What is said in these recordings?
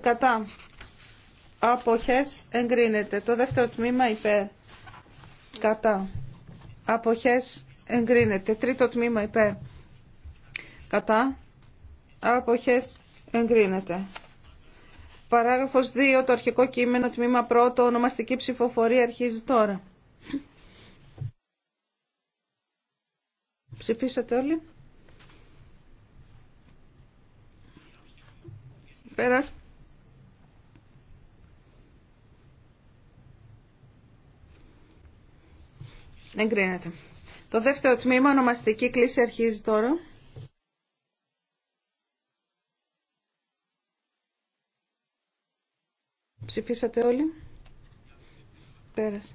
κατά αποχές εγκρίνεται. Το δεύτερο τμήμα υπέρ κατά αποχές εγκρίνεται. Τρίτο τμήμα υπέρ κατά αποχές εγκρίνεται. Παράγραφος 2, το αρχικό κείμενο, τμήμα 1, ονομαστική ψηφοφορία αρχίζει τώρα. Ψηφίσατε όλοι. Πέρας. Εγκρίνεται. Το δεύτερο τμήμα, ονομαστική κλίση, αρχίζει τώρα. Ψηφίσατε όλοι. Πέρασε.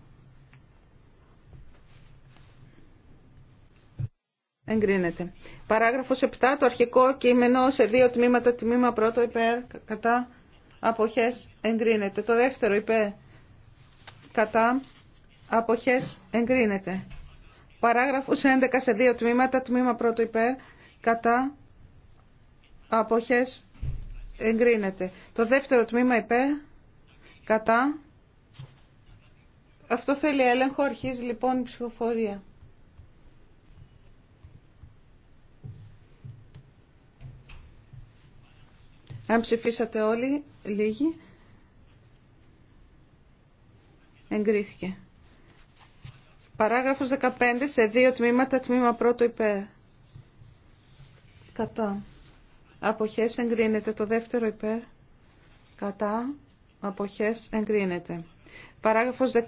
Εγκρίνεται. Παράγραφος 7. Το αρχικό κείμενο σε δύο τμήματα. Τμήμα πρώτο υπέρ, κατά, αποχές, εγκρίνεται. Το δεύτερο υπέρ, κατά, αποχές εγκρίνεται. Παράγραφος 11 σε δύο τμήματα, τμήμα πρώτο υπέρ, κατά, αποχές εγκρίνεται. Το δεύτερο τμήμα υπέρ, κατά, αυτό θέλει έλεγχο, αρχίζει λοιπόν η ψηφοφορία. Αν ψηφίσατε όλοι, λίγοι, εγκρίθηκε. Παράγραφος 15 σε δύο τμήματα, τμήμα πρώτο υπέρ. Κατά. Αποχές εγκρίνεται το δεύτερο υπέρ. Κατά. Αποχές εγκρίνεται. Παράγραφος 16.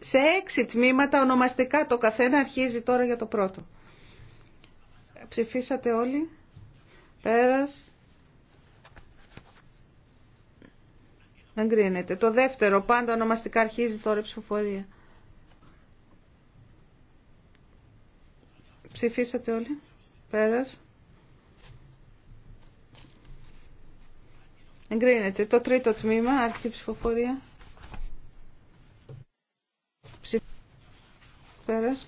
Σε έξι τμήματα ονομαστικά το καθένα αρχίζει τώρα για το πρώτο. Ψηφίσατε όλοι. Πέρας. Εγκρίνεται. Το δεύτερο πάντα ονομαστικά αρχίζει τώρα η ψηφοφορία. Ψηφίσατε όλοι. Πέρας. Εγκρίνεται το τρίτο τμήμα, άρχιτη ψηφοφορία. Ψηφ... Πέρας.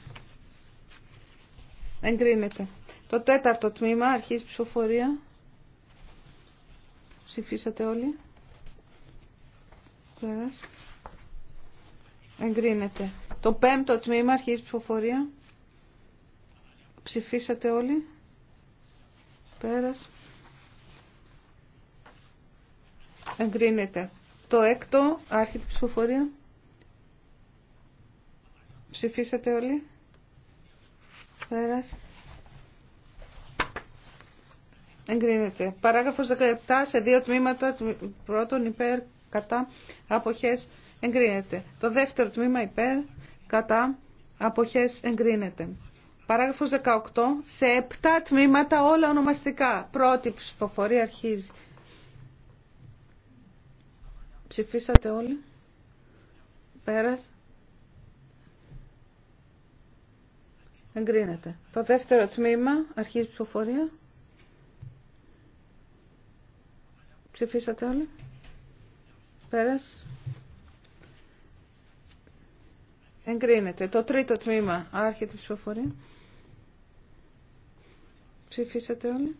Εγκρίνεται. Το τέταρτο τμήμα, αρχής ψηφοφορία. Ψηφίσατε όλοι. Πέρας. Εγκρίνεται. Το πέμπτο τμήμα, αρχής ψηφοφορία. Ψηφίσατε όλοι. Πέρας. Εγκρίνεται. Το έκτο, άρχιτη ψηφοφορία. Ψηφίσατε όλοι. Πέρας. Εγκρίνεται. Παράγραφος 17 σε δύο τμήματα. Πρώτον υπέρ, κατά, αποχές. Εγκρίνεται. Το δεύτερο τμήμα υπέρ, κατά, αποχές. Εγκρίνεται. Παράγραφος 18. Σε 7 τμήματα όλα ονομαστικά. Πρώτη ψηφοφορία αρχίζει. Ψηφίσατε όλοι. Πέρας. Εγκρίνεται. Το δεύτερο τμήμα αρχίζει ψηφοφορία. Ψηφίσατε όλοι. Πέρας. Εγκρίνεται. Το τρίτο τμήμα άρχεται ψηφοφορία. Ψηφίσατε όλοι.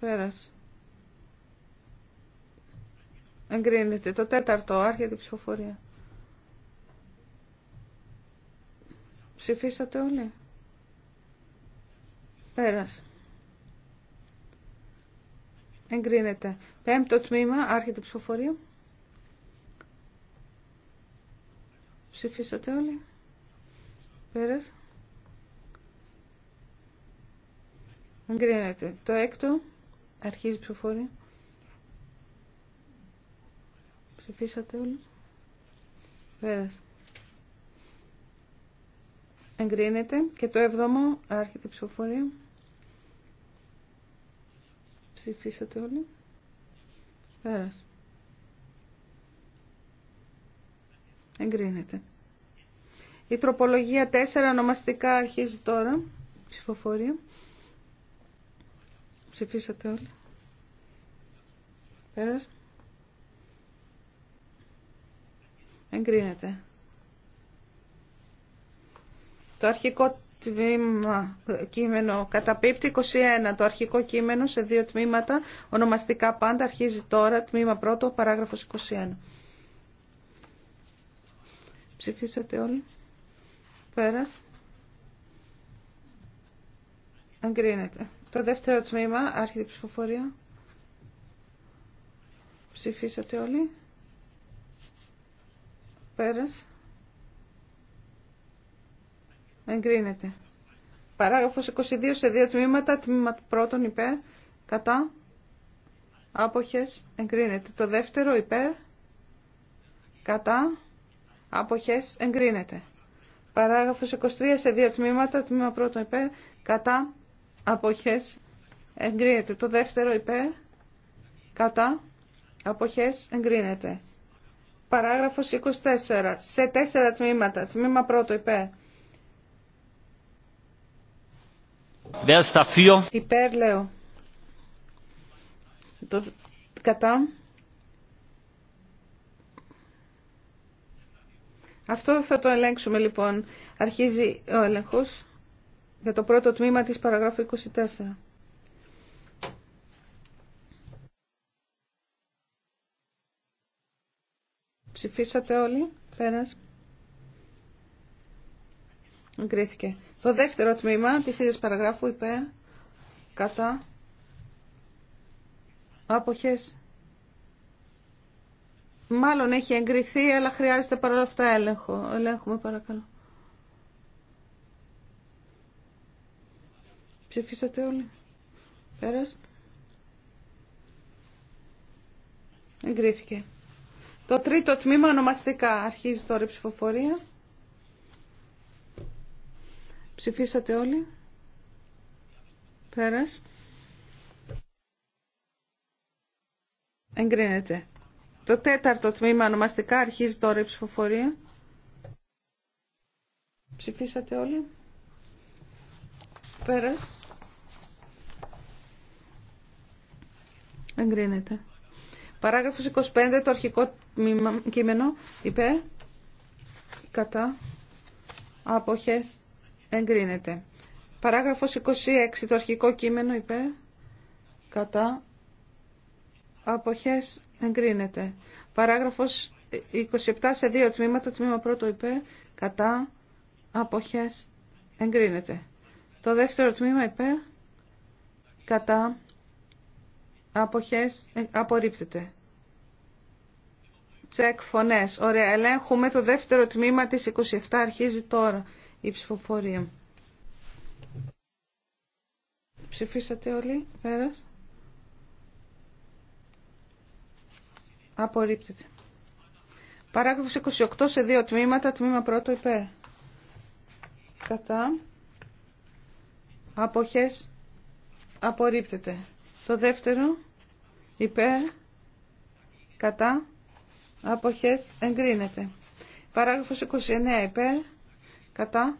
Πέρας. Εγκρίνεται. Το τέταρτο. Άρχεται η ψηφοφορία. Ψηφίσατε όλοι. Πέρας. Εγκρίνεται. Πέμπτο τμήμα. Άρχεται η ψηφοφορία. Ψηφίσατε όλοι. Πέρας. Εγκρίνεται. Το έκτο. Αρχίζει ψηφοφορία. Ψηφίσατε όλοι. Πέρασε. Εγκρίνεται. Και το έβδομο. Άρχεται η ψηφοφορία. Ψηφίσατε όλοι. Πέρασε. Εγκρίνεται. Η τροπολογία 4 ονομαστικά αρχίζει τώρα. Ψηφοφορία. Ψηφίσατε όλοι. Πέρας. Εγκρίνεται. Το αρχικό τμήμα κείμενο καταπίπτει 21. Το αρχικό κείμενο σε δύο τμήματα, ονομαστικά πάντα, αρχίζει τώρα, τμήμα πρώτο, παράγραφος 21. Ψηφίσατε όλοι. Πέρας. Εγκρίνεται. Το δεύτερο τμήμα, άρχιτη ψηφοφορία. Ψηφίσατε όλοι. Πέρας. Εγκρίνεται. Παράγραφος 22 σε δύο τμήματα. Τμήμα πρώτον υπέρ. Κατά. Άποχες. Εγκρίνεται. Το δεύτερο υπέρ. Κατά. Άποχες. Εγκρίνεται. Παράγραφος 23 σε δύο τμήματα. Τμήμα πρώτον υπέρ. Κατά αποχές εγκρίνεται. Το δεύτερο υπέ κατά αποχές εγκρίνεται. Παράγραφος 24. Σε τέσσερα τμήματα. Τμήμα πρώτο υπέρ. Υπέρ λέω. Το, κατά. Αυτό θα το ελέγξουμε λοιπόν. Αρχίζει ο έλεγχος για το πρώτο τμήμα της παραγράφου 24. Ψηφίσατε όλοι. Πέρας. Εγκρίθηκε. Το δεύτερο τμήμα της ίδιας παραγράφου υπέρ κατά άποχες. Μάλλον έχει εγκριθεί, αλλά χρειάζεται παρόλα αυτά έλεγχο. Ελέγχουμε παρακαλώ. Ψηφίσατε όλοι. Πέρας. Εγκρίθηκε. Το τρίτο τμήμα ονομαστικά. Αρχίζει τώρα η ψηφοφορία. Ψηφίσατε όλοι. Πέρας. Εγκρίνεται. Το τέταρτο τμήμα ονομαστικά αρχίζει τώρα η ψηφοφορία. Ψηφίσατε όλοι. Πέρας. Εγκρίνεται. Παράγραφος 25, το αρχικό κείμενο, είπε κατά, άποχες, εγκρίνεται. Παράγραφος 26, το αρχικό κείμενο, είπε κατά, άποχες, εγκρίνεται. Παράγραφος 27 σε δύο τμήματα, τμήμα πρώτο είπε κατά, άποχες, εγκρίνεται. Το δεύτερο τμήμα υπέρ, κατά, Αποχές ε, απορρίπτεται. Τσεκ φωνές. Ωραία. Ελέγχουμε το δεύτερο τμήμα της 27. Αρχίζει τώρα η ψηφοφορία. Ψηφίσατε όλοι. Πέρας. Απορρίπτεται. Παράγραφος 28 σε δύο τμήματα. Τμήμα πρώτο υπέρ. Κατά. Αποχές απορρίπτεται. Το δεύτερο υπέρ κατά αποχές εγκρίνεται. Παράγραφος 29 υπέρ κατά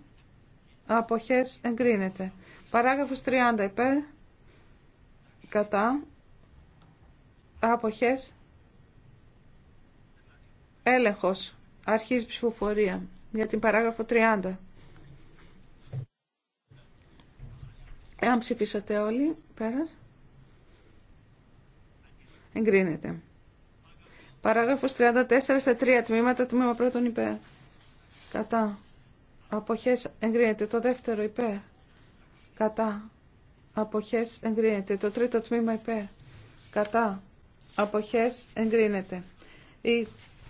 αποχές εγκρίνεται. Παράγραφος 30 υπέρ κατά αποχές έλεγχος αρχής ψηφοφορία για την παράγραφο 30. Εάν ψηφίσατε όλοι, πέρας. Εγκρίνεται. Παράγραφος 34 σε 3 τμήματα, τμήμα πρώτον υπέρ. Κατά. Αποχές εγκρίνεται. Το δεύτερο υπέρ. Κατά. Αποχές εγκρίνεται. Το τρίτο τμήμα υπέρ. Κατά. Αποχές εγκρίνεται. Η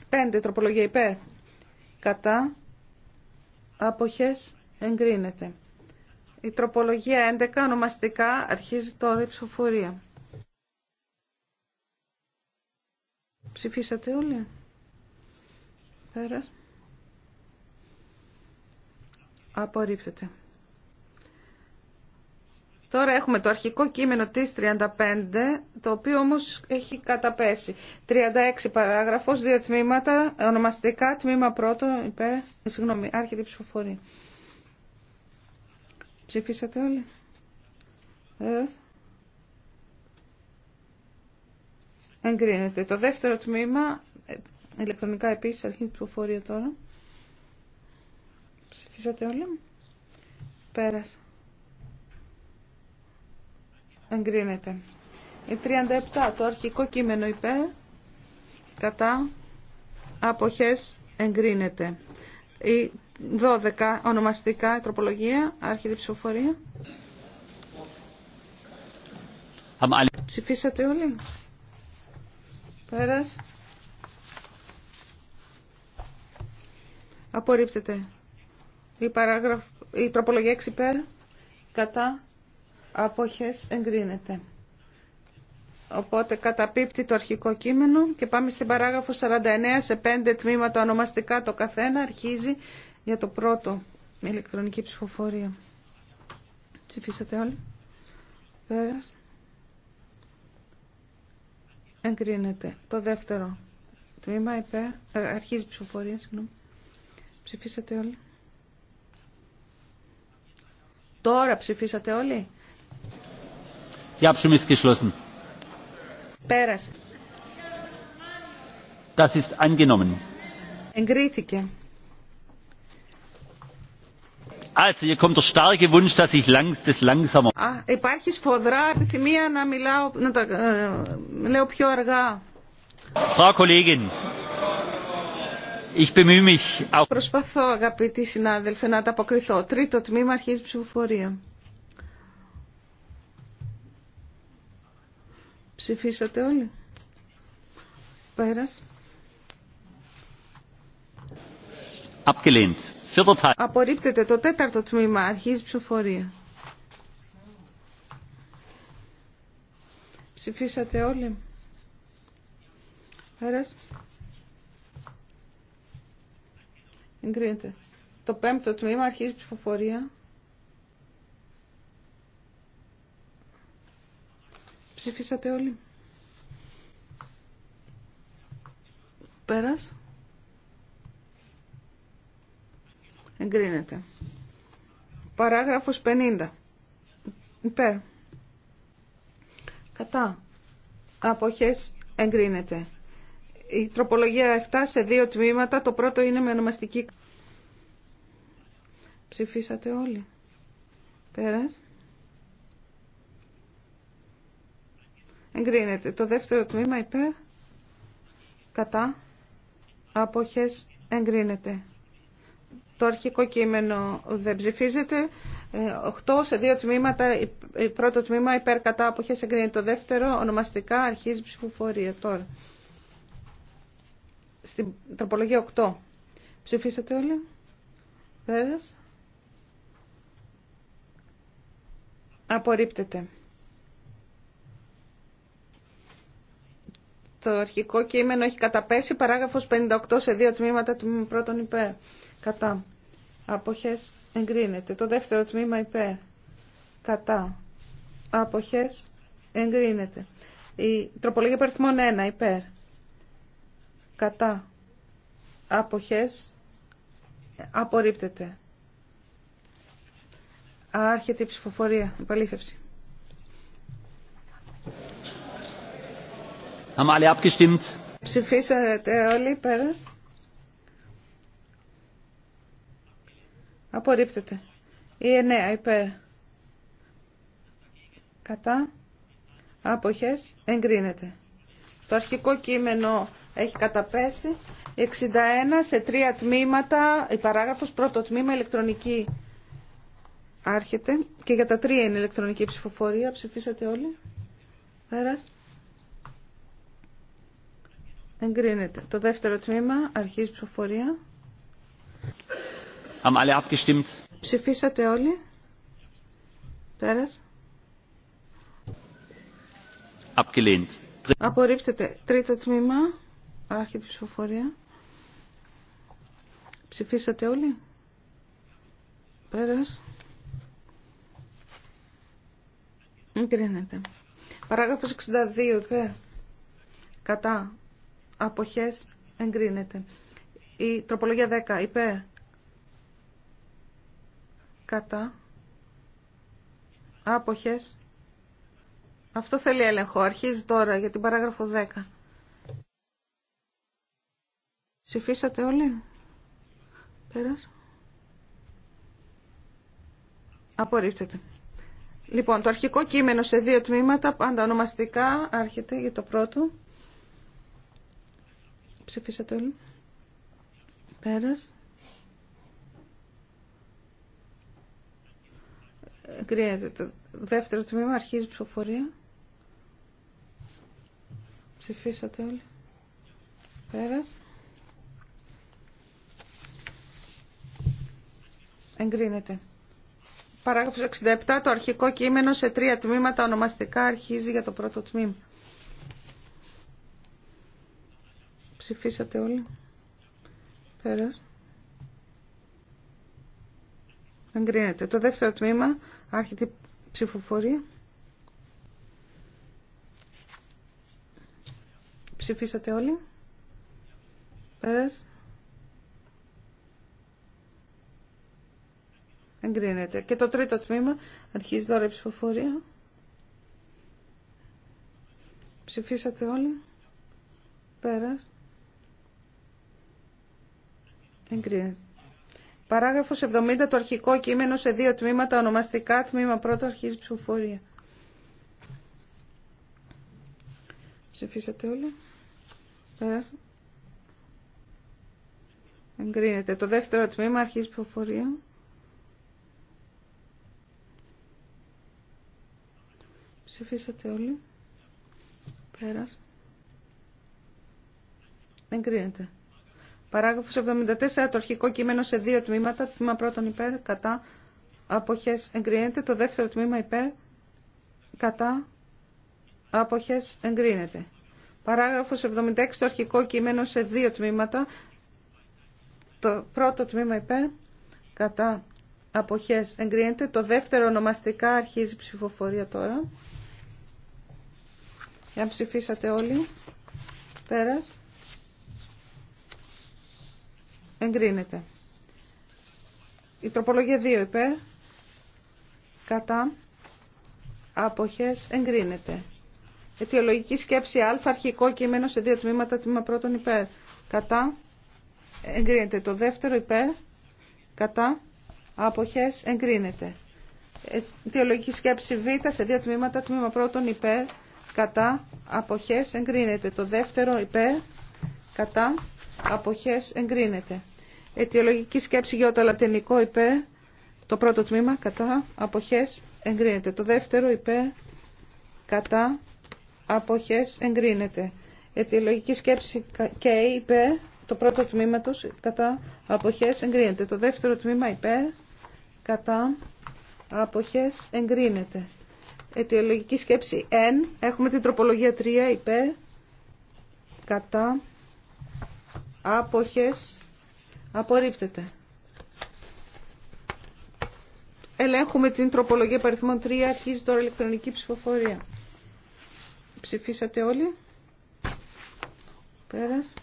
πέντε τροπολογία υπέρ. Κατά. Αποχές εγκρίνεται. Η τροπολογία 11 ονομαστικά αρχίζει τώρα η ψηφοφορία. Ψηφίσατε όλοι. Πέρας. Απορρίπτεται. Τώρα έχουμε το αρχικό κείμενο της 35, το οποίο όμως έχει καταπέσει. 36 παράγραφος, δύο τμήματα, ονομαστικά, τμήμα πρώτο, είπε συγγνώμη, άρχεται η ψηφοφορία. Ψηφίσατε όλοι. Πέρας. Εγκρίνεται. Το δεύτερο τμήμα, ηλεκτρονικά επίσης, η ψηφοφορία τώρα. Ψηφίσατε όλοι. Πέρασε. Εγκρίνεται. Η 37, το αρχικό κείμενο υπέ, κατά, αποχές, εγκρίνεται. Η 12, ονομαστικά, τροπολογία, η ψηφοφορία. Ψηφίσατε όλοι. Πέρας. Απορρίπτεται. Η, παράγραφ... η τροπολογία 6 υπέρ κατά αποχές εγκρίνεται. Οπότε καταπίπτει το αρχικό κείμενο και πάμε στην παράγραφο 49 σε 5 τμήματα ονομαστικά το καθένα αρχίζει για το πρώτο ηλεκτρονική ψηφοφορία. Ψηφίσατε όλοι. Πέρας. Εγκρίνεται. Το δεύτερο τμήμα είπε; ε, Αρχίζει η ψηφοφορία, συγγνώμη. Ψηφίσατε όλοι. Τώρα ψηφίσατε όλοι. Ja, ist geschlossen. Πέρασε. Das ist angenommen. Εγκρίθηκε υπάρχει σφοδρά επιθυμία να μιλάω, ε, πιο αργά. Προσπαθώ, αγαπητοί συνάδελφοι, να τα αποκριθώ. Τρίτο τμήμα αρχίζει ψηφοφορία. Ψηφίσατε όλοι. Πέρας. Abgelehnt. Απορρίπτεται το τέταρτο τμήμα. Αρχίζει ψηφοφορία. Ψηφίσατε όλοι. Πέρας. Εγκρίνεται. Το πέμπτο τμήμα αρχίζει ψηφοφορία. Ψηφίσατε όλοι. Πέρας. Εγκρίνεται. Παράγραφος 50. Υπέρ. Κατά. Αποχές εγκρίνεται. Η τροπολογία 7 σε δύο τμήματα. Το πρώτο είναι με ονομαστική. Ψηφίσατε όλοι. Πέρας. Εγκρίνεται. Το δεύτερο τμήμα υπέρ. Κατά. Αποχές εγκρίνεται. Το αρχικό κείμενο δεν ψηφίζεται. 8 ε, σε δύο τμήματα. Πρώτο τμήμα υπέρ κατά αποχές εγκρίνεται. Το δεύτερο ονομαστικά αρχίζει ψηφοφορία τώρα. Στην τροπολογία 8. Ψηφίσατε όλοι. Πέρας. Απορρίπτεται. Το αρχικό κείμενο έχει καταπέσει παράγραφος 58 σε δύο τμήματα του πρώτον υπέρ κατά αποχές εγκρίνεται. Το δεύτερο τμήμα υπέρ κατά αποχές εγκρίνεται. Η τροπολογία παριθμών 1 υπέρ κατά αποχές απορρίπτεται. Άρχεται η ψηφοφορία, επαλήθευση. Haben Ψηφίσατε όλοι πέρας. Απορρίπτεται. Η εννέα υπέρ. Κατά. Άποχες. Εγκρίνεται. Το αρχικό κείμενο έχει καταπέσει. 61 σε τρία τμήματα. Η παράγραφος πρώτο τμήμα ηλεκτρονική άρχεται. Και για τα τρία είναι ηλεκτρονική ψηφοφορία. Ψηφίσατε όλοι. Πέρας. Εγκρίνεται. Το δεύτερο τμήμα αρχίζει ψηφοφορία. Haben alle abgestimmt? Ψηφίσατε όλοι. Πέρας. Abgelehnt. Απορρίπτεται. Τρίτο τμήμα. Άρχη ψηφοφορία. Ψηφίσατε όλοι. Πέρας. Εγκρίνεται. Παράγραφό 62. Υπέρ. Κατά. Αποχές. Εγκρίνεται. Η τροπολογία 10. Υπέρ κατά άποχες αυτό θέλει έλεγχο αρχίζει τώρα για την παράγραφο 10 ψηφίσατε όλοι πέρας απορρίπτεται λοιπόν το αρχικό κείμενο σε δύο τμήματα πάντα ονομαστικά άρχεται για το πρώτο ψηφίσατε όλοι πέρας Εγκρίνεται το δεύτερο τμήμα, αρχίζει η ψηφοφορία. Ψηφίσατε όλοι. Πέρας. Εγκρίνεται. Παράγραφος 67, το αρχικό κείμενο σε τρία τμήματα ονομαστικά αρχίζει για το πρώτο τμήμα. Ψηφίσατε όλοι. Πέρας. Εγκρίνεται. Το δεύτερο τμήμα, άρχιτη ψηφοφορία. Ψηφίσατε όλοι. Πέρας. Εγκρίνεται. Και το τρίτο τμήμα, αρχίζει τώρα η ψηφοφορία. Ψηφίσατε όλοι. Πέρας. Εγκρίνεται. Παράγραφος 70 το αρχικό κείμενο σε δύο τμήματα, ονομαστικά τμήμα πρώτο αρχίζει ψηφοφορία. Ψηφίσατε όλοι. Πέρασε. Εγκρίνεται. Το δεύτερο τμήμα αρχίζει ψηφοφορία. Ψηφίσατε όλοι. Πέρασε. Εγκρίνεται. Παράγραφος 74, το αρχικό κείμενο σε δύο τμήματα, το τμήμα πρώτον υπέρ, κατά, αποχές εγκρίνεται, το δεύτερο τμήμα υπέρ, κατά, αποχές εγκρίνεται. Παράγραφος 76, το αρχικό κείμενο σε δύο τμήματα, το πρώτο τμήμα υπέρ, κατά, αποχές εγκρίνεται, το δεύτερο ονομαστικά αρχίζει ψηφοφορία τώρα. Για ψηφίσατε όλοι. Πέρας. Εγκρίνεται. Η τροπολογία 2 υπέρ. Κατά. Άποχες. Εγκρίνεται. Αιτιολογική σκέψη α. Αρχικό κείμενο σε δύο τμήματα. Τμήμα πρώτον υπέρ. Κατά. Εγκρίνεται. Το δεύτερο υπέρ. Κατά. Άποχες. Εγκρίνεται. Αιτιολογική σκέψη β. Σε δύο τμήματα. Τμήμα πρώτον υπέρ. Κατά. Αποχές. Εγκρίνεται. Το δεύτερο υπέρ. Κατά αποχές εγκρίνεται. Αιτιολογική σκέψη για το λατινικό υπέ το πρώτο τμήμα κατά αποχές εγκρίνεται. Το δεύτερο υπέ κατά αποχές εγκρίνεται. Αιτιολογική σκέψη και υπέ το πρώτο τμήμα τους κατά αποχές εγκρίνεται. Το δεύτερο τμήμα υπέ κατά αποχές εγκρίνεται. Αιτιολογική σκέψη εν. έχουμε την τροπολογία 3 υπέρ κατά άποχες απορρίπτεται. Ελέγχουμε την τροπολογία παριθμών 3, αρχίζει τώρα ηλεκτρονική ψηφοφορία. Ψηφίσατε όλοι. Πέρας.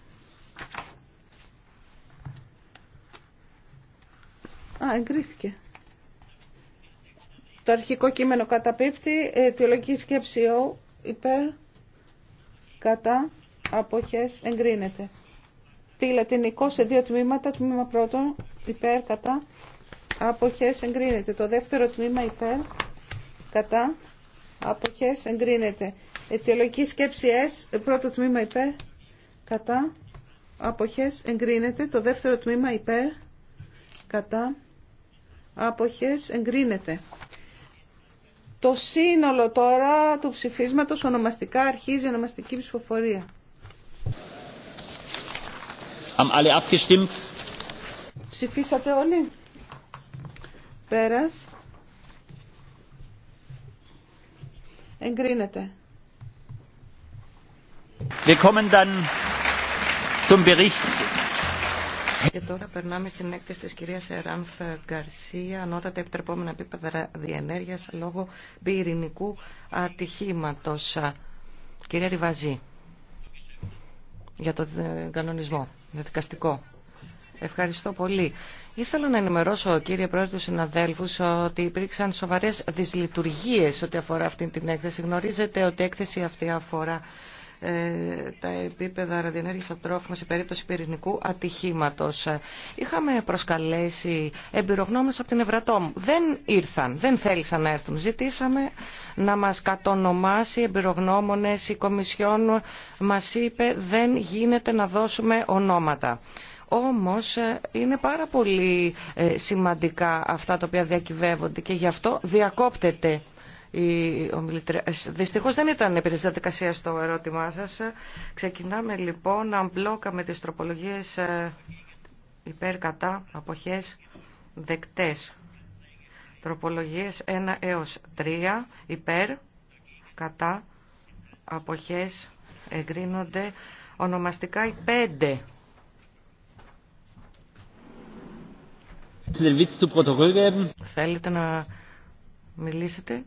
Α, εγκρίθηκε. Το αρχικό κείμενο καταπίπτει, αιτιολογική σκέψη O, υπέρ, κατά, αποχές, εγκρίνεται. Τη λατινικό σε δύο τμήματα, τμήμα πρώτο υπέρ κατά αποχές εγκρίνεται. Το δεύτερο τμήμα υπέρ κατά αποχές εγκρίνεται. Αιτιολογική σκέψη S, πρώτο τμήμα υπέρ κατά αποχές εγκρίνεται. Το δεύτερο τμήμα υπέρ κατά αποχές εγκρίνεται. Το σύνολο τώρα του ψηφίσματος ονομαστικά αρχίζει ονομαστική ψηφοφορία. Ψηφίσατε όλοι. Πέρας. Εγκρίνεται. Wir kommen dann zum Bericht και τώρα περνάμε στην έκθεση της κυρίας Εράνθ Γκαρσία, ανώτατα επιτρεπόμενα επίπεδα διενέργειας λόγω πυρηνικού ατυχήματος. Κυρία Ριβαζή, για τον ε, κανονισμό. Διαδικαστικό. Ευχαριστώ πολύ. Ήθελα να ενημερώσω, κύριε Πρόεδρε, του συναδέλφου ότι υπήρξαν σοβαρέ δυσλειτουργίε ό,τι αφορά αυτή την έκθεση. Γνωρίζετε ότι η έκθεση αυτή αφορά ε, τα επίπεδα ραδιενέργειας από τρόφιμα σε περίπτωση πυρηνικού ατυχήματος. Ε, είχαμε προσκαλέσει εμπειρογνώμες από την Ευρατόμου. Δεν ήρθαν, δεν θέλησαν να έρθουν. Ζητήσαμε να μας κατονομάσει εμπειρογνώμονες, η Κομισιόν μας είπε δεν γίνεται να δώσουμε ονόματα. Όμως ε, είναι πάρα πολύ σημαντικά αυτά τα οποία διακυβεύονται και γι' αυτό διακόπτεται Δυστυχώ ε, Δυστυχώς δεν ήταν επί της διαδικασίας το ερώτημά σας. Ξεκινάμε λοιπόν να μπλόκα με τις τροπολογίες ε, υπέρ, κατά, αποχές, δεκτές. Τροπολογίες 1 έως 3 υπέρ, κατά, αποχές, εγκρίνονται ονομαστικά οι 5. Θέλετε να μιλήσετε.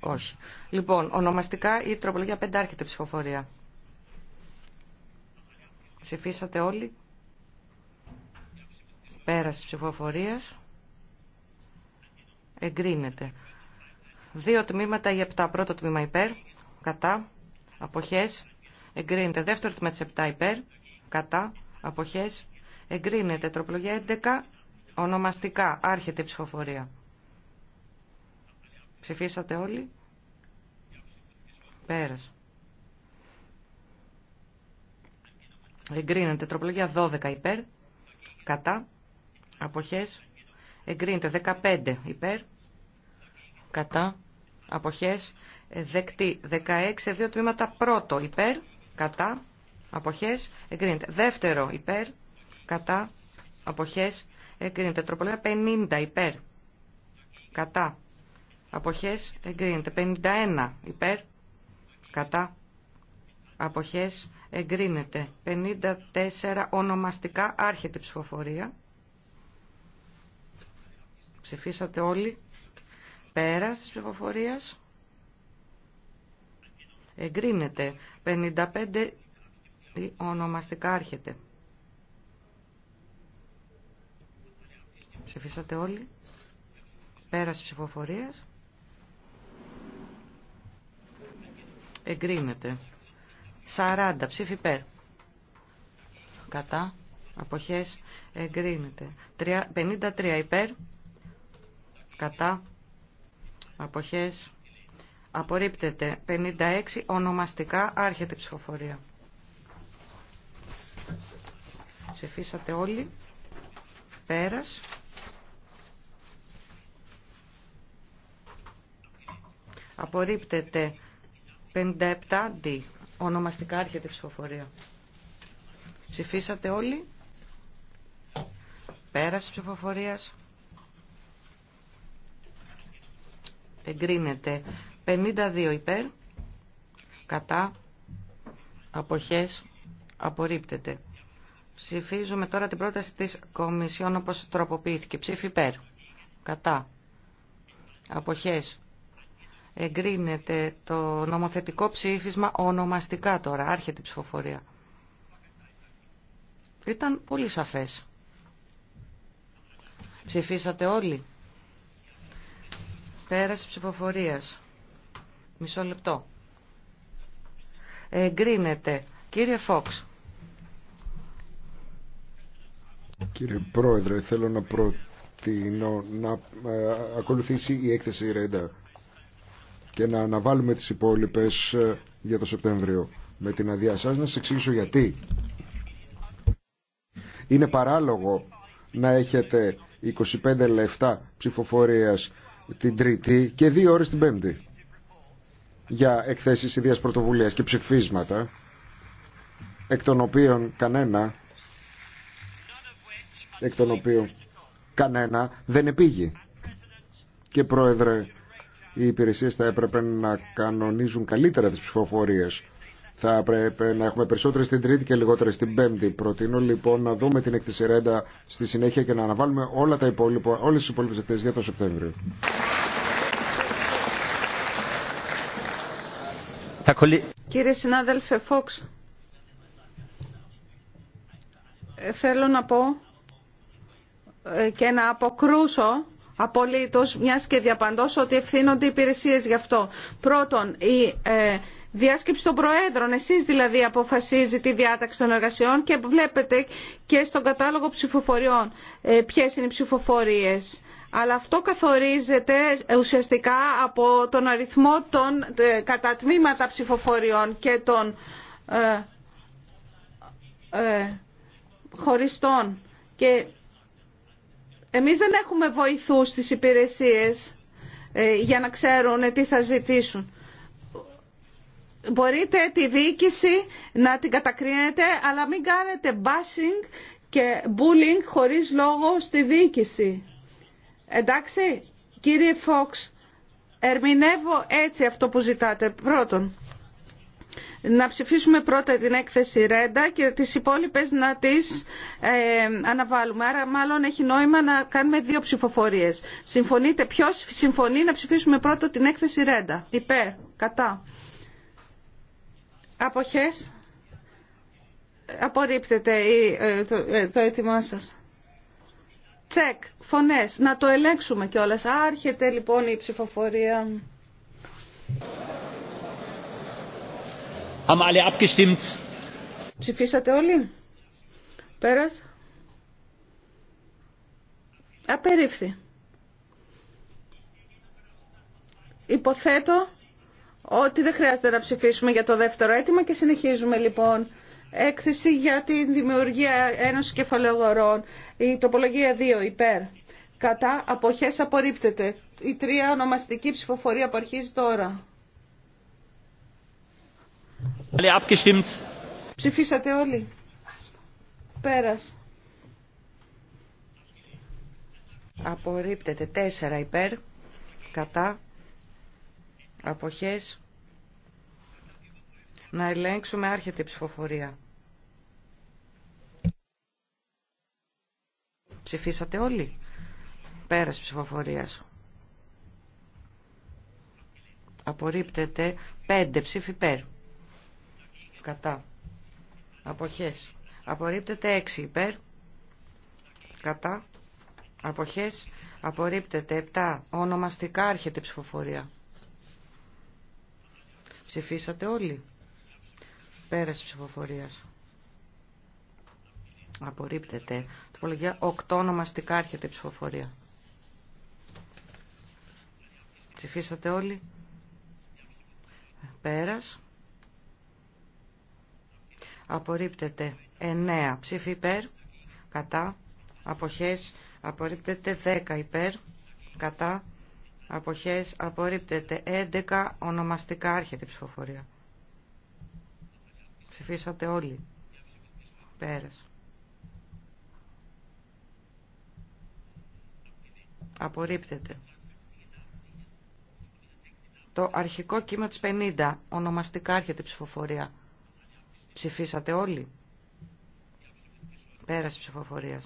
Όχι. Λοιπόν, ονομαστικά η τροπολογία 5 άρχεται ψηφοφορία. Ψηφίσατε όλοι. Πέραση ψηφοφορία. Εγκρίνεται. Δύο τμήματα ή 7. Πρώτο τμήμα υπέρ. Κατά. Αποχές. Εγκρίνεται. Δεύτερο τμήμα τη 7 υπέρ. Κατά. Αποχές. Εγκρίνεται. Τροπολογία 11. Ονομαστικά. Άρχεται η ψηφοφορία. Ψηφίσατε όλοι. Πέρας. Εγκρίνεται τροπολογία 12 υπέρ. Κατά. Αποχές. Εγκρίνεται 15 υπέρ. Κατά. Αποχές. Δεκτή 16. Δύο τμήματα πρώτο υπέρ. Κατά. Αποχές. Εγκρίνεται. Δεύτερο υπέρ. Κατά. Αποχές. Εγκρίνεται. Τροπολογία 50 υπέρ. Κατά. Αποχές εγκρίνεται. 51 υπέρ. Κατά. Αποχές εγκρίνεται. 54 ονομαστικά άρχεται η ψηφοφορία. Ψηφίσατε όλοι. Πέρας της ψηφοφορίας. Εγκρίνεται. 55 ονομαστικά άρχεται. Ψηφίσατε όλοι. Πέρας της ψηφοφορίας. εγκρίνεται. 40 ψήφι υπέρ. Κατά. Αποχές εγκρίνεται. 53 υπέρ. Κατά. Αποχές απορρίπτεται. 56 ονομαστικά άρχεται η ψηφοφορία. Ψηφίσατε όλοι. Πέρας. Απορρίπτεται 57 D. Ονομαστικά έρχεται η ψηφοφορία. Ψηφίσατε όλοι. Πέραση ψηφοφορία. Εγκρίνεται. 52 υπέρ. Κατά. Αποχές. Απορρίπτεται. Ψηφίζουμε τώρα την πρόταση της Κομισιόν όπως τροποποιήθηκε. Ψήφι υπέρ. Κατά. Αποχές εγκρίνεται το νομοθετικό ψήφισμα ονομαστικά τώρα, άρχεται η ψηφοφορία. Ήταν πολύ σαφές. Ψηφίσατε όλοι. Πέραση ψηφοφορίας. Μισό λεπτό. Εγκρίνεται. Κύριε Φόξ. Κύριε Πρόεδρε, θέλω να προτείνω να ε, ακολουθήσει η έκθεση Ρέντα για να αναβάλουμε τις υπόλοιπες ε, για το Σεπτέμβριο. Με την αδειά σας να σας εξηγήσω γιατί. Είναι παράλογο να έχετε 25 λεφτά ψηφοφορίας την Τρίτη και 2 ώρες την Πέμπτη για εκθέσεις ιδίας πρωτοβουλίας και ψηφίσματα εκ των οποίων κανένα εκ των οποίων κανένα δεν επήγει. Και πρόεδρε, οι υπηρεσίες θα έπρεπε να κανονίζουν καλύτερα τις ψηφοφορίες. Θα έπρεπε να έχουμε περισσότερες στην Τρίτη και λιγότερες στην Πέμπτη. Προτείνω λοιπόν να δούμε την εκτισερέντα στη συνέχεια και να αναβάλουμε όλα τα υπόλοιπα, όλες τις υπόλοιπες για το Σεπτέμβριο. Κύριε συνάδελφε Φόξ, θέλω να πω ε, και να αποκρούσω απολύτως, μια και διαπαντό ότι ευθύνονται οι υπηρεσίες γι' αυτό. Πρώτον, η ε, διάσκεψη των Προέδρων, εσείς δηλαδή αποφασίζει τη διάταξη των εργασιών και βλέπετε και στον κατάλογο ψηφοφοριών ε, ποιες είναι οι ψηφοφορίες. Αλλά αυτό καθορίζεται ε, ουσιαστικά από τον αριθμό των ε, κατατμήματα ψηφοφοριών και των ε, ε, χωριστών. Και εμείς δεν έχουμε βοηθούς στις υπηρεσίες ε, για να ξέρουν τι θα ζητήσουν. Μπορείτε τη διοίκηση να την κατακρίνετε, αλλά μην κάνετε bashing και bullying χωρίς λόγο στη διοίκηση. Εντάξει, κύριε Φόξ, ερμηνεύω έτσι αυτό που ζητάτε. Πρώτον, να ψηφίσουμε πρώτα την έκθεση Ρέντα και τις υπόλοιπες να τις ε, αναβάλουμε. Άρα μάλλον έχει νόημα να κάνουμε δύο ψηφοφορίες. Συμφωνείτε ποιος συμφωνεί να ψηφίσουμε πρώτα την έκθεση Ρέντα. Υπέρ, κατά. Αποχές. Απορρίπτεται η, ε, το, ε, έτοιμά σας. Τσεκ, φωνές. Να το ελέγξουμε κιόλας. Άρχεται λοιπόν η ψηφοφορία. Haben alle abgestimmt? Ψηφίσατε όλοι. Πέρας. Απερίφθη. Υποθέτω ότι δεν χρειάζεται να ψηφίσουμε για το δεύτερο αίτημα και συνεχίζουμε λοιπόν. Έκθεση για τη δημιουργία Ένωσης Κεφαλαιογορών. Η τοπολογία 2 υπέρ. Κατά αποχές απορρίπτεται. Η τρία ονομαστική ψηφοφορία που αρχίζει τώρα. Ψηφίσατε όλοι. Πέρας. Απορρίπτεται τέσσερα υπέρ, κατά, αποχές. Να ελέγξουμε άρχεται η ψηφοφορία. Ψηφίσατε όλοι. Πέρας ψηφοφορίας. Απορρίπτεται πέντε ψήφι υπέρ κατά αποχές απορρίπτεται 6 υπέρ κατά αποχές απορρίπτεται 7 ονομαστικά έρχεται η ψηφοφορία ψηφίσατε όλοι πέρας ψηφοφορίας απορρίπτεται τοπολογία 8 ονομαστικά έρχεται η ψηφοφορία ψηφίσατε όλοι πέρας απορρίπτεται 9 ψήφι υπέρ, κατά, αποχές, απορρίπτεται 10 υπέρ, κατά, αποχές, απορρίπτεται 11 ονομαστικά άρχεται ψηφοφορία. Ψηφίσατε όλοι. Πέρας. Απορρίπτεται. Το αρχικό κύμα της 50 ονομαστικά άρχεται ψηφοφορία. Ψηφίσατε όλοι. Πέραση ψηφοφορία.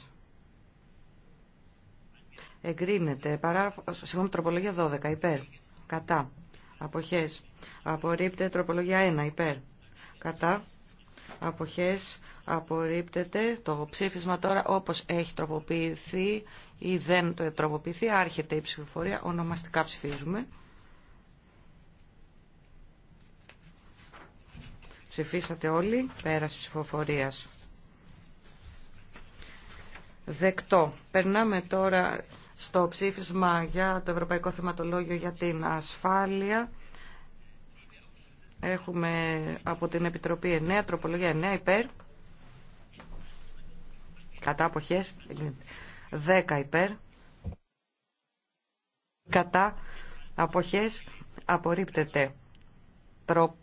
Εγκρίνεται. Παρά... Συγγνώμη, τροπολογία 12. Υπέρ. Κατά. Αποχές. Απορρίπτεται. Τροπολογία 1. Υπέρ. Κατά. αποχέ. Απορρίπτεται. Το ψήφισμα τώρα όπως έχει τροποποιηθεί ή δεν το τροποποιηθεί. Άρχεται η ψηφοφορία. Ονομαστικά ψηφίζουμε. Ψηφίσατε όλοι. Πέραση ψηφοφορία. Δεκτό. Περνάμε τώρα στο ψήφισμα για το Ευρωπαϊκό Θεματολόγιο για την Ασφάλεια. Έχουμε από την Επιτροπή 9, τροπολογία 9 υπέρ. Κατά αποχές, 10 υπέρ. Κατά αποχές απορρίπτεται. Τροπ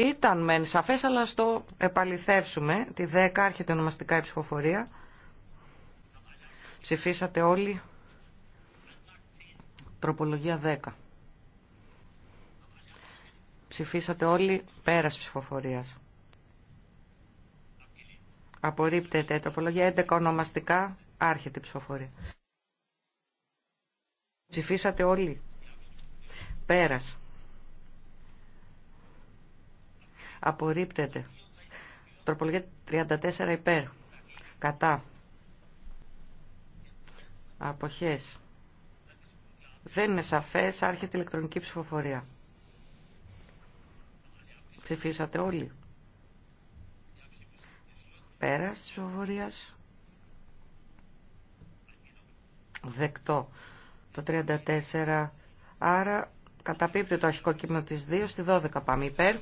ήταν μεν σαφές, αλλά στο επαληθεύσουμε. Τη 10 άρχεται ονομαστικά η ψηφοφορία. Ψηφίσατε όλοι. Τροπολογία 10. Ψηφίσατε όλοι πέρας ψηφοφορίας. Απορρίπτεται τροπολογία 11 ονομαστικά. Άρχεται η ψηφοφορία. Ψηφίσατε όλοι. Πέρας. απορρίπτεται. Τροπολογία 34 υπέρ. Κατά. Αποχές. Δεν είναι σαφές, άρχεται ηλεκτρονική ψηφοφορία. Ψηφίσατε όλοι. Πέρας της ψηφοφορίας. Δεκτό. Το 34. Άρα καταπίπτει το αρχικό κείμενο της 2. Στη 12 πάμε υπέρ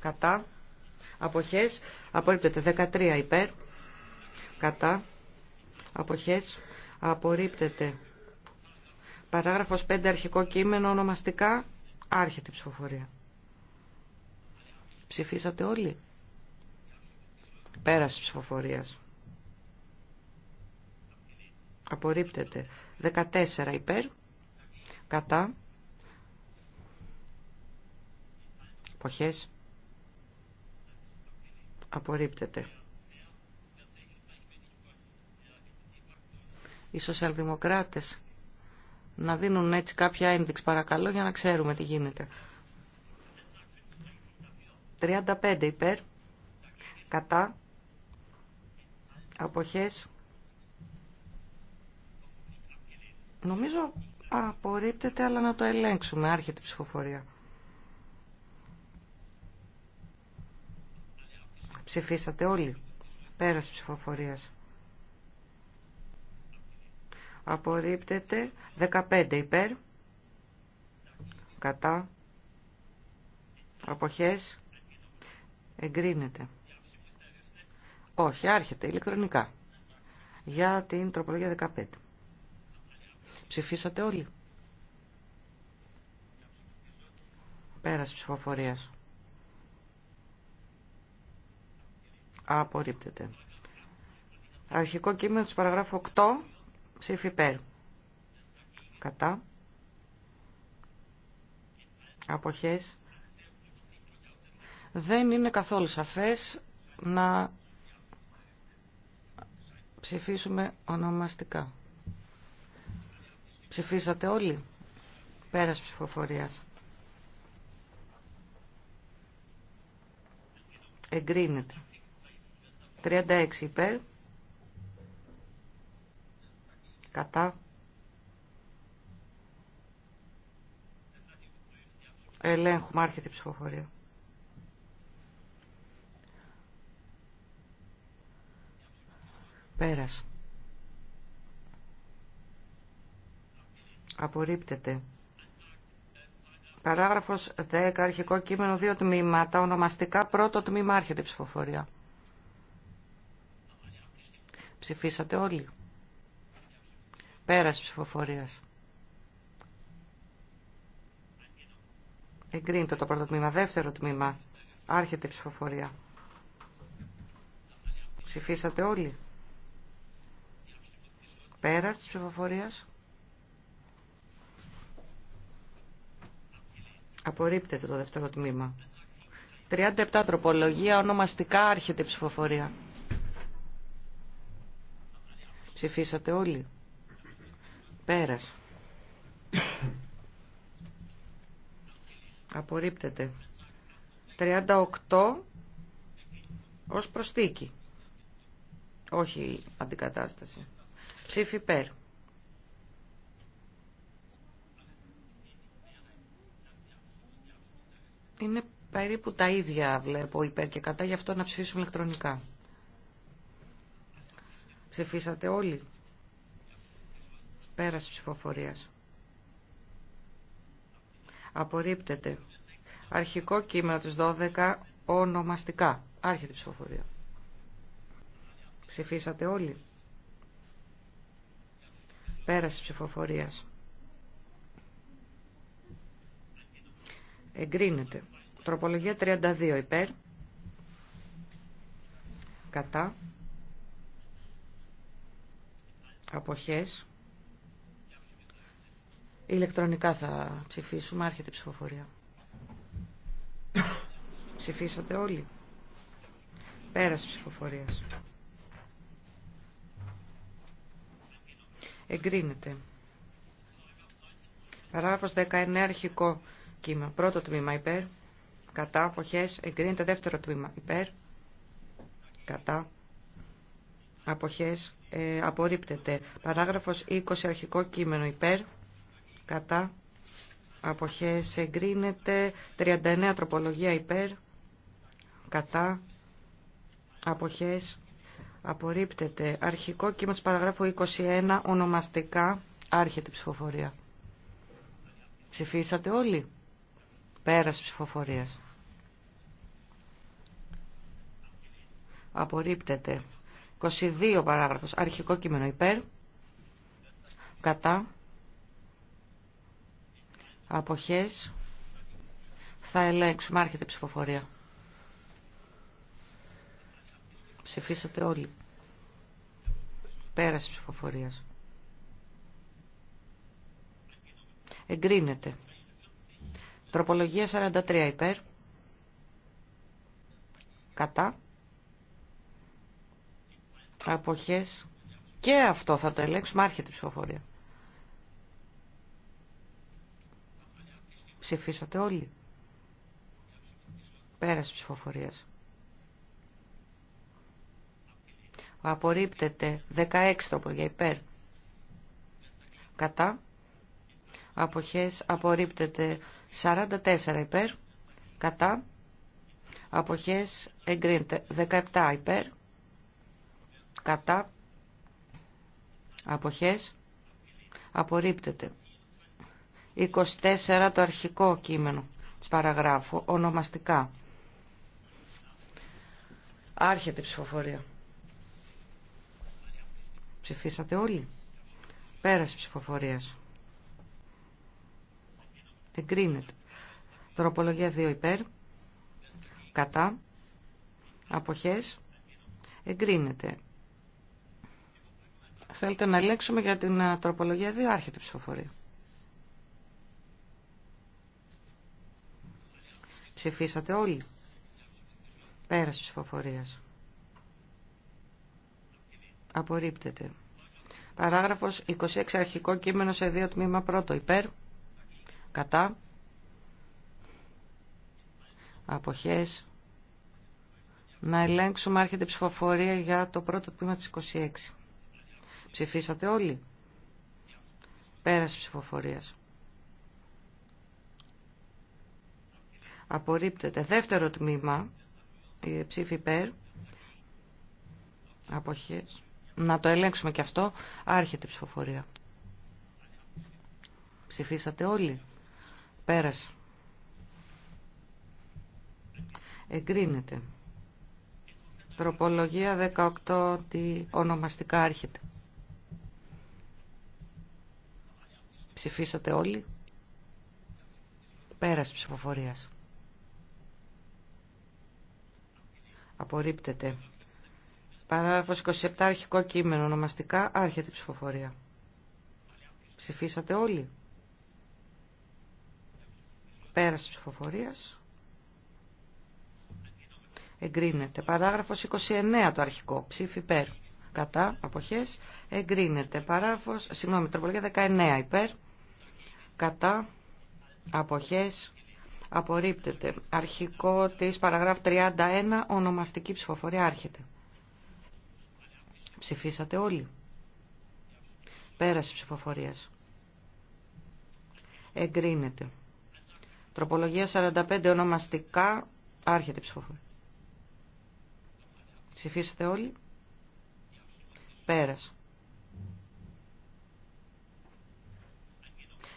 κατά, αποχές, απορρίπτεται 13 υπέρ, κατά, αποχές, απορρίπτεται. Παράγραφος 5 αρχικό κείμενο ονομαστικά, άρχεται η ψηφοφορία. Ψηφίσατε όλοι. Πέραση ψηφοφορίας. Απορρίπτεται. 14 υπέρ. Κατά. Ποχές. Απορρίπτεται. Οι σοσιαλδημοκράτες να δίνουν έτσι κάποια ένδειξη παρακαλώ για να ξέρουμε τι γίνεται. 35 υπέρ, κατά, αποχές. Νομίζω απορρίπτεται αλλά να το ελέγξουμε, άρχεται η ψηφοφορία. Ψηφίσατε όλοι. Πέρας ψηφοφορίας. Απορρίπτεται 15 υπέρ. Κατά. Αποχές. Εγκρίνεται. Όχι, άρχεται ηλεκτρονικά. Για την τροπολογία 15. Ψηφίσατε όλοι. Πέρας ψηφοφορίας. Απορρίπτεται. Αρχικό κείμενο της παραγράφου 8. Ψήφι υπέρ. Κατά. Αποχές. Δεν είναι καθόλου σαφές να ψηφίσουμε ονομαστικά. Ψηφίσατε όλοι. Πέρας ψηφοφορίας. Εγκρίνεται. 36 υπέρ. Κατά. Ελέγχουμε, άρχεται η ψηφοφορία. Πέρας. Απορρίπτεται. Παράγραφος 10, αρχικό κείμενο, δύο τμήματα, ονομαστικά πρώτο τμήμα, άρχεται η ψηφοφορία. Ψηφίσατε όλοι. Πέρας ψηφοφορία. Εγκρίνεται το πρώτο τμήμα. Δεύτερο τμήμα. Άρχεται η ψηφοφορία. Ψηφίσατε όλοι. Πέρας της ψηφοφορίας. Απορρίπτεται το δεύτερο τμήμα. 37 τροπολογία, ονομαστικά άρχεται η ψηφοφορία. Ψηφίσατε όλοι. Πέρας. Απορρίπτεται. 38 ως προστίκη. Όχι αντικατάσταση. Ψήφι περ. Είναι περίπου τα ίδια βλέπω υπέρ και κατά, γι' αυτό να ψηφίσουμε ηλεκτρονικά. Ψηφίσατε όλοι. Πέρας ψηφοφορίας. Απορρίπτεται. Αρχικό κείμενο τους 12 ονομαστικά. Άρχεται η ψηφοφορία. Ψηφίσατε όλοι. Πέραση ψηφοφορίας. Εγκρίνεται. Τροπολογία 32 υπέρ. Κατά αποχές. Ηλεκτρονικά θα ψηφίσουμε, άρχεται η ψηφοφορία. Ψηφίσατε όλοι. Πέρασε ψηφοφορία. Εγκρίνεται. Παράγραφος 19 αρχικό κείμενο. Πρώτο τμήμα υπέρ. Κατά αποχές. Εγκρίνεται δεύτερο τμήμα υπέρ. Κατά αποχές ε, απορρίπτεται. Παράγραφος 20 αρχικό κείμενο υπέρ, κατά, αποχές εγκρίνεται. 39 τροπολογία υπέρ, κατά, αποχές απορρίπτεται. Αρχικό κείμενο της παραγράφου 21 ονομαστικά άρχεται η ψηφοφορία. Ψηφίσατε όλοι. Πέρας ψηφοφορίας. Απορρίπτεται. 22 παράγραφος. Αρχικό κείμενο υπέρ. Κατά. Αποχές. Θα ελέγξουμε. Άρχεται η ψηφοφορία. Ψηφίσατε όλοι. Πέραση ψηφοφορίας. Εγκρίνεται. Τροπολογία 43 υπέρ. Κατά αποχές και αυτό θα το ελέγξουμε άρχεται η ψηφοφορία ψηφίσατε όλοι πέρας ψηφοφορίας απορρίπτεται 16 για υπέρ κατά αποχές απορρίπτεται 44 υπέρ κατά αποχές εγκρίνεται 17 υπέρ κατά αποχές απορρίπτεται. 24 το αρχικό κείμενο της παραγράφου ονομαστικά. Άρχεται η ψηφοφορία. Ψηφίσατε όλοι. Πέρασε ψηφοφορίας. Εγκρίνεται. Τροπολογία 2 υπέρ. Κατά. Αποχές. Εγκρίνεται. Θέλετε να ελέγξουμε για την ε, τροπολογία 2, άρχεται ψηφοφορία. Ψηφίσατε όλοι. Πέρασε ψηφοφορία. Απορρίπτεται. Παράγραφος 26 αρχικό κείμενο σε δύο τμήμα πρώτο. Υπέρ. Κατά. Αποχές. Να ελέγξουμε άρχεται ψηφοφορία για το πρώτο τμήμα της 26. Ψηφίσατε όλοι. Πέραση ψηφοφορίας. Απορρίπτεται. Δεύτερο τμήμα. Η ψήφι υπέρ. Να το ελέγξουμε και αυτό. Άρχεται η ψηφοφορία. Ψηφίσατε όλοι. Πέρασε. Εγκρίνεται. Τροπολογία 18 ότι ονομαστικά άρχεται. Ψηφίσατε όλοι. Πέρας ψηφοφορίας. Απορρίπτεται. Παράγραφος 27 αρχικό κείμενο ονομαστικά άρχεται η ψηφοφορία. Ψηφίσατε όλοι. Πέρας ψηφοφορίας. Εγκρίνεται. Παράγραφος 29 το αρχικό. Ψήφι υπέρ. Κατά. Αποχές. Εγκρίνεται. Παράγραφος, συγγνώμη, τροπολογία 19 υπέρ κατά αποχές απορρίπτεται. Αρχικό της παραγράφου 31 ονομαστική ψηφοφορία άρχεται. Ψηφίσατε όλοι. Πέραση ψηφοφορίας. Εγκρίνεται. Τροπολογία 45 ονομαστικά άρχεται ψηφοφορία. Ψηφίσατε όλοι. Πέρασε.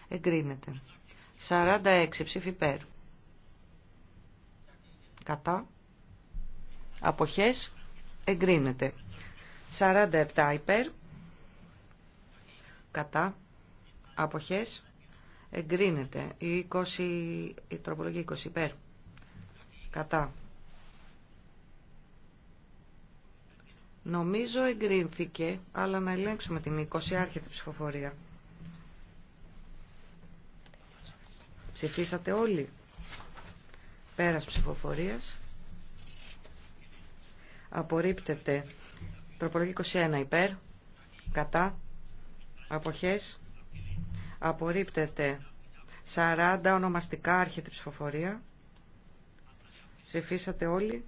εγκρίνεται. 46 ψήφι υπέρ. Κατά. Αποχές εγκρίνεται. 47 υπέρ. Κατά. Αποχές εγκρίνεται. Η, 20, η τροπολογία 20 υπέρ. Κατά. Νομίζω εγκρίνθηκε, αλλά να ελέγξουμε την 20 άρχεται ψηφοφορία. Ψηφίσατε όλοι. Πέρας ψηφοφορίας. Απορρίπτεται. Τροπολογή 21 υπέρ. Κατά. Αποχές. Απορρίπτεται. 40 ονομαστικά άρχεται ψηφοφορία. Ψηφίσατε όλοι.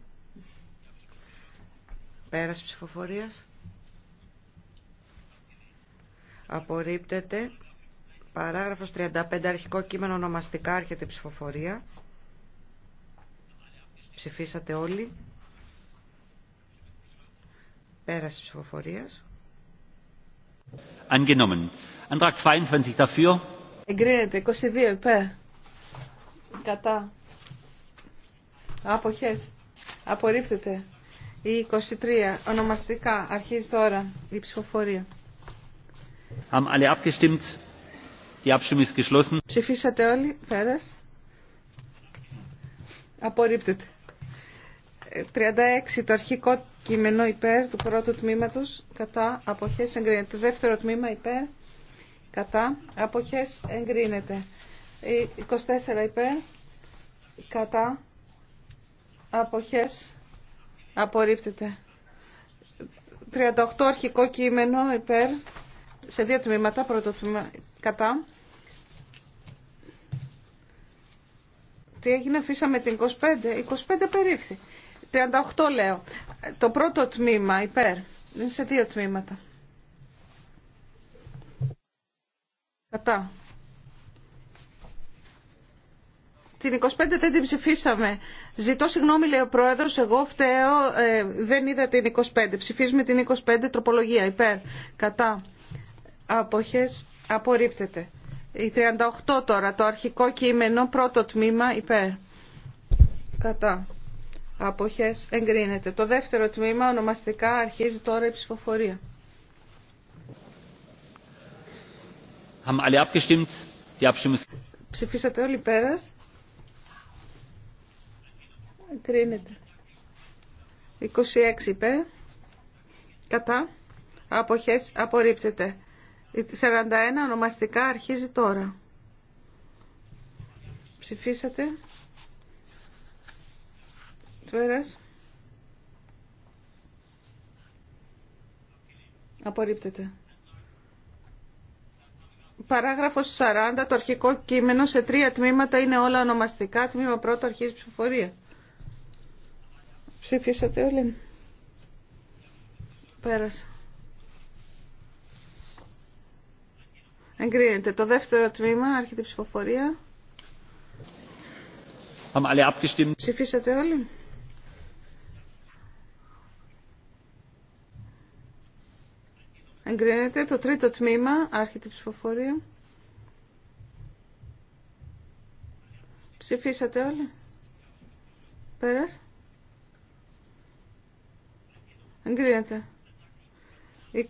Πέρας ψηφοφορίας. Απορρίπτεται. Παράγραφος 35, αρχικό κείμενο ονομαστικά, άρχεται η ψηφοφορία. Ψηφίσατε όλοι. Πέραση ψηφοφορία. Angenommen. Antrag 22 dafür. Εγκρίνεται. 22 υπέρ. Κατά. Αποχές. Απορρίπτεται. Η 23. Ονομαστικά. Αρχίζει τώρα η ψηφοφορία. Haben alle abgestimmt. Die Abstimmung geschlossen. Ψηφίσατε όλοι, πέρας. Απορρίπτεται. 36 ε, το αρχικό κείμενο υπέρ του πρώτου τμήματος κατά αποχές εγκρίνεται. δεύτερο τμήμα υπέρ κατά αποχές εγκρίνεται. 24 ε, υπέρ κατά αποχές απορρίπτεται. 38 ε, αρχικό κείμενο υπέρ σε δύο τμήματα, πρώτο τμήμα κατά Τι έγινε, αφήσαμε την 25. 25 περίφθη. 38 λέω. Το πρώτο τμήμα υπέρ. Είναι σε δύο τμήματα. Κατά. Την 25 δεν την ψηφίσαμε. Ζητώ συγγνώμη, λέει ο Πρόεδρο, εγώ φταίω, ε, δεν είδα την 25. Ψηφίζουμε την 25 τροπολογία. Υπέρ. Κατά. Αποχές. Απορρίπτεται. Η 38 τώρα, το αρχικό κείμενο, πρώτο τμήμα υπέρ. Κατά. Αποχές εγκρίνεται. Το δεύτερο τμήμα ονομαστικά αρχίζει τώρα η ψηφοφορία. Ψηφίσατε όλοι πέρας. Εγκρίνεται. 26 υπέρ. Κατά. Αποχές απορρίπτεται. Η 41 ονομαστικά αρχίζει τώρα. Ψηφίσατε. Πέρας. Απορρίπτεται. Παράγραφος 40, το αρχικό κείμενο σε τρία τμήματα είναι όλα ονομαστικά. Τμήμα πρώτο αρχίζει ψηφοφορία. Ψηφίσατε όλοι. Πέρασα. Εγκρίνεται. Το δεύτερο τμήμα, άρχεται η ψηφοφορία. Ψηφίσατε όλοι. Εγκρίνεται. Το τρίτο τμήμα, άρχεται η ψηφοφορία. Ψηφίσατε όλοι. Πέρας. Εγκρίνεται. 27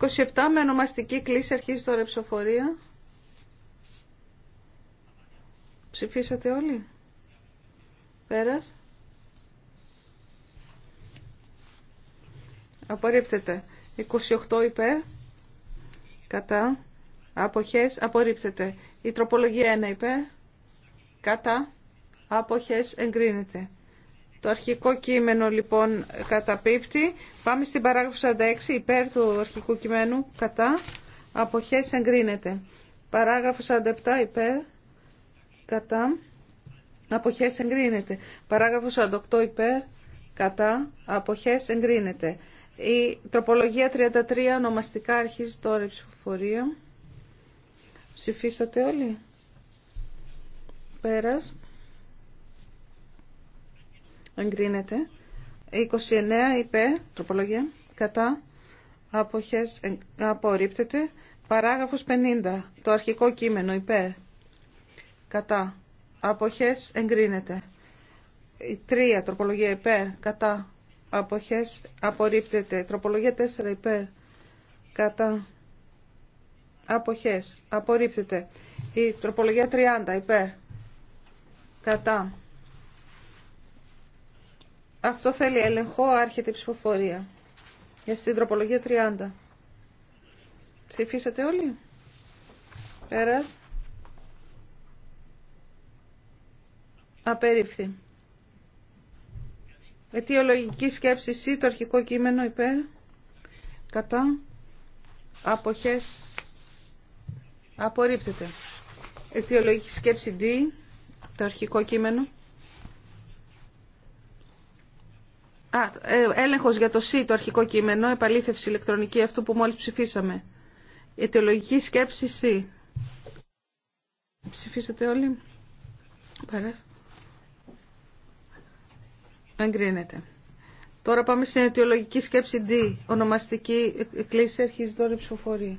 με ονομαστική κλίση αρχίζει τώρα η ψηφοφορία. Ψηφίσατε όλοι. Πέρας. Απορρίπτεται. 28 υπέρ. Κατά. Αποχές. Απορρίπτεται. Η τροπολογία 1 υπέρ. Κατά. Αποχές. Εγκρίνεται. Το αρχικό κείμενο λοιπόν καταπίπτει. Πάμε στην παράγραφο 46 υπέρ του αρχικού κειμένου. Κατά. Αποχές εγκρίνεται. Παράγραφο 47 υπέρ κατά αποχές εγκρίνεται. Παράγραφος 48 υπέρ κατά αποχές εγκρίνεται. Η τροπολογία 33 ονομαστικά αρχίζει τώρα η ψηφοφορία. Ψηφίσατε όλοι. Πέρας. Εγκρίνεται. 29 υπέρ, τροπολογία, κατά, αποχές, ε, απορρίπτεται. Παράγραφος 50, το αρχικό κείμενο υπέρ, κατά, αποχές εγκρίνεται. Τρία τροπολογία υπέρ, κατά, αποχές απορρίπτεται. Τροπολογία τέσσερα υπέρ, κατά, αποχές απορρίπτεται. Η τροπολογία 30 υπέρ, κατά. Αυτό θέλει έλεγχο, άρχεται η ψηφοφορία. Για στην τροπολογία 30. Ψηφίσατε όλοι. Πέρας. Απερίφθη. Αιτιολογική σκέψη C, το αρχικό κείμενο υπέρ. Κατά. Αποχές. Απορρίπτεται. Αιτιολογική σκέψη D, το αρχικό κείμενο. Α, ε, έλεγχος για το C, το αρχικό κείμενο, επαλήθευση ηλεκτρονική, αυτού που μόλις ψηφίσαμε. Αιτιολογική σκέψη C. Ψηφίσατε όλοι. Παράθυρο. Εγκρίνεται. Τώρα πάμε στην αιτιολογική σκέψη D. Ονομαστική κλίση αρχίζει τώρα η ψηφοφορία.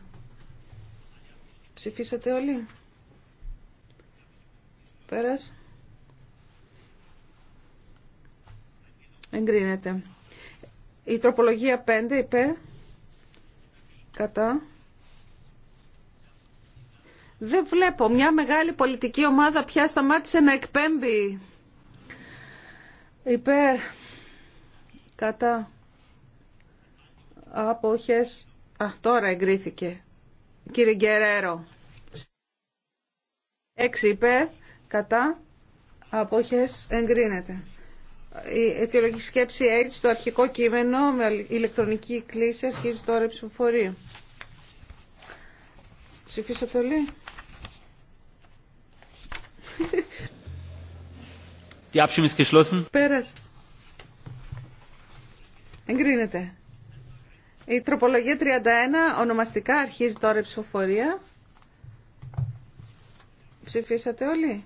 Ψηφίσατε όλοι. Πέρας. Εγκρίνεται. Η τροπολογία 5 είπε. Κατά. Δεν βλέπω. Μια μεγάλη πολιτική ομάδα πια σταμάτησε να εκπέμπει υπέρ κατά αποχές α τώρα εγκρίθηκε κύριε Γκερέρο Έξι υπέρ κατά αποχές εγκρίνεται η αιτιολογική σκέψη έτσι στο αρχικό κείμενο με ηλεκτρονική κλίση αρχίζει τώρα η ψηφοφορία ψηφίσατε όλοι Die Abstimmung ist geschlossen. Πέρας. Εγκρίνεται. Η τροπολογία 31 ονομαστικά αρχίζει τώρα η ψηφοφορία. Ψηφίσατε όλοι.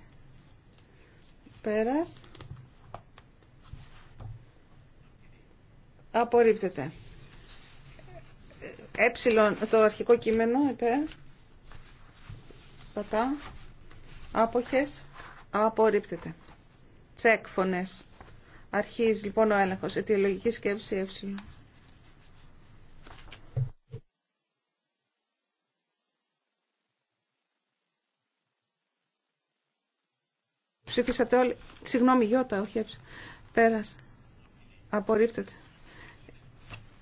Πέρας. Απορρίπτεται. Ε, ε, ε το αρχικό κείμενο, επε, πατά. Άποχες. Απορρίπτεται τσεκ φωνές. Αρχίζει λοιπόν ο έλεγχος. Αιτιολογική σκέψη ε. Ψήφισατε όλοι. Συγγνώμη, Γιώτα, όχι έψη. Πέρασε. Απορρίπτεται.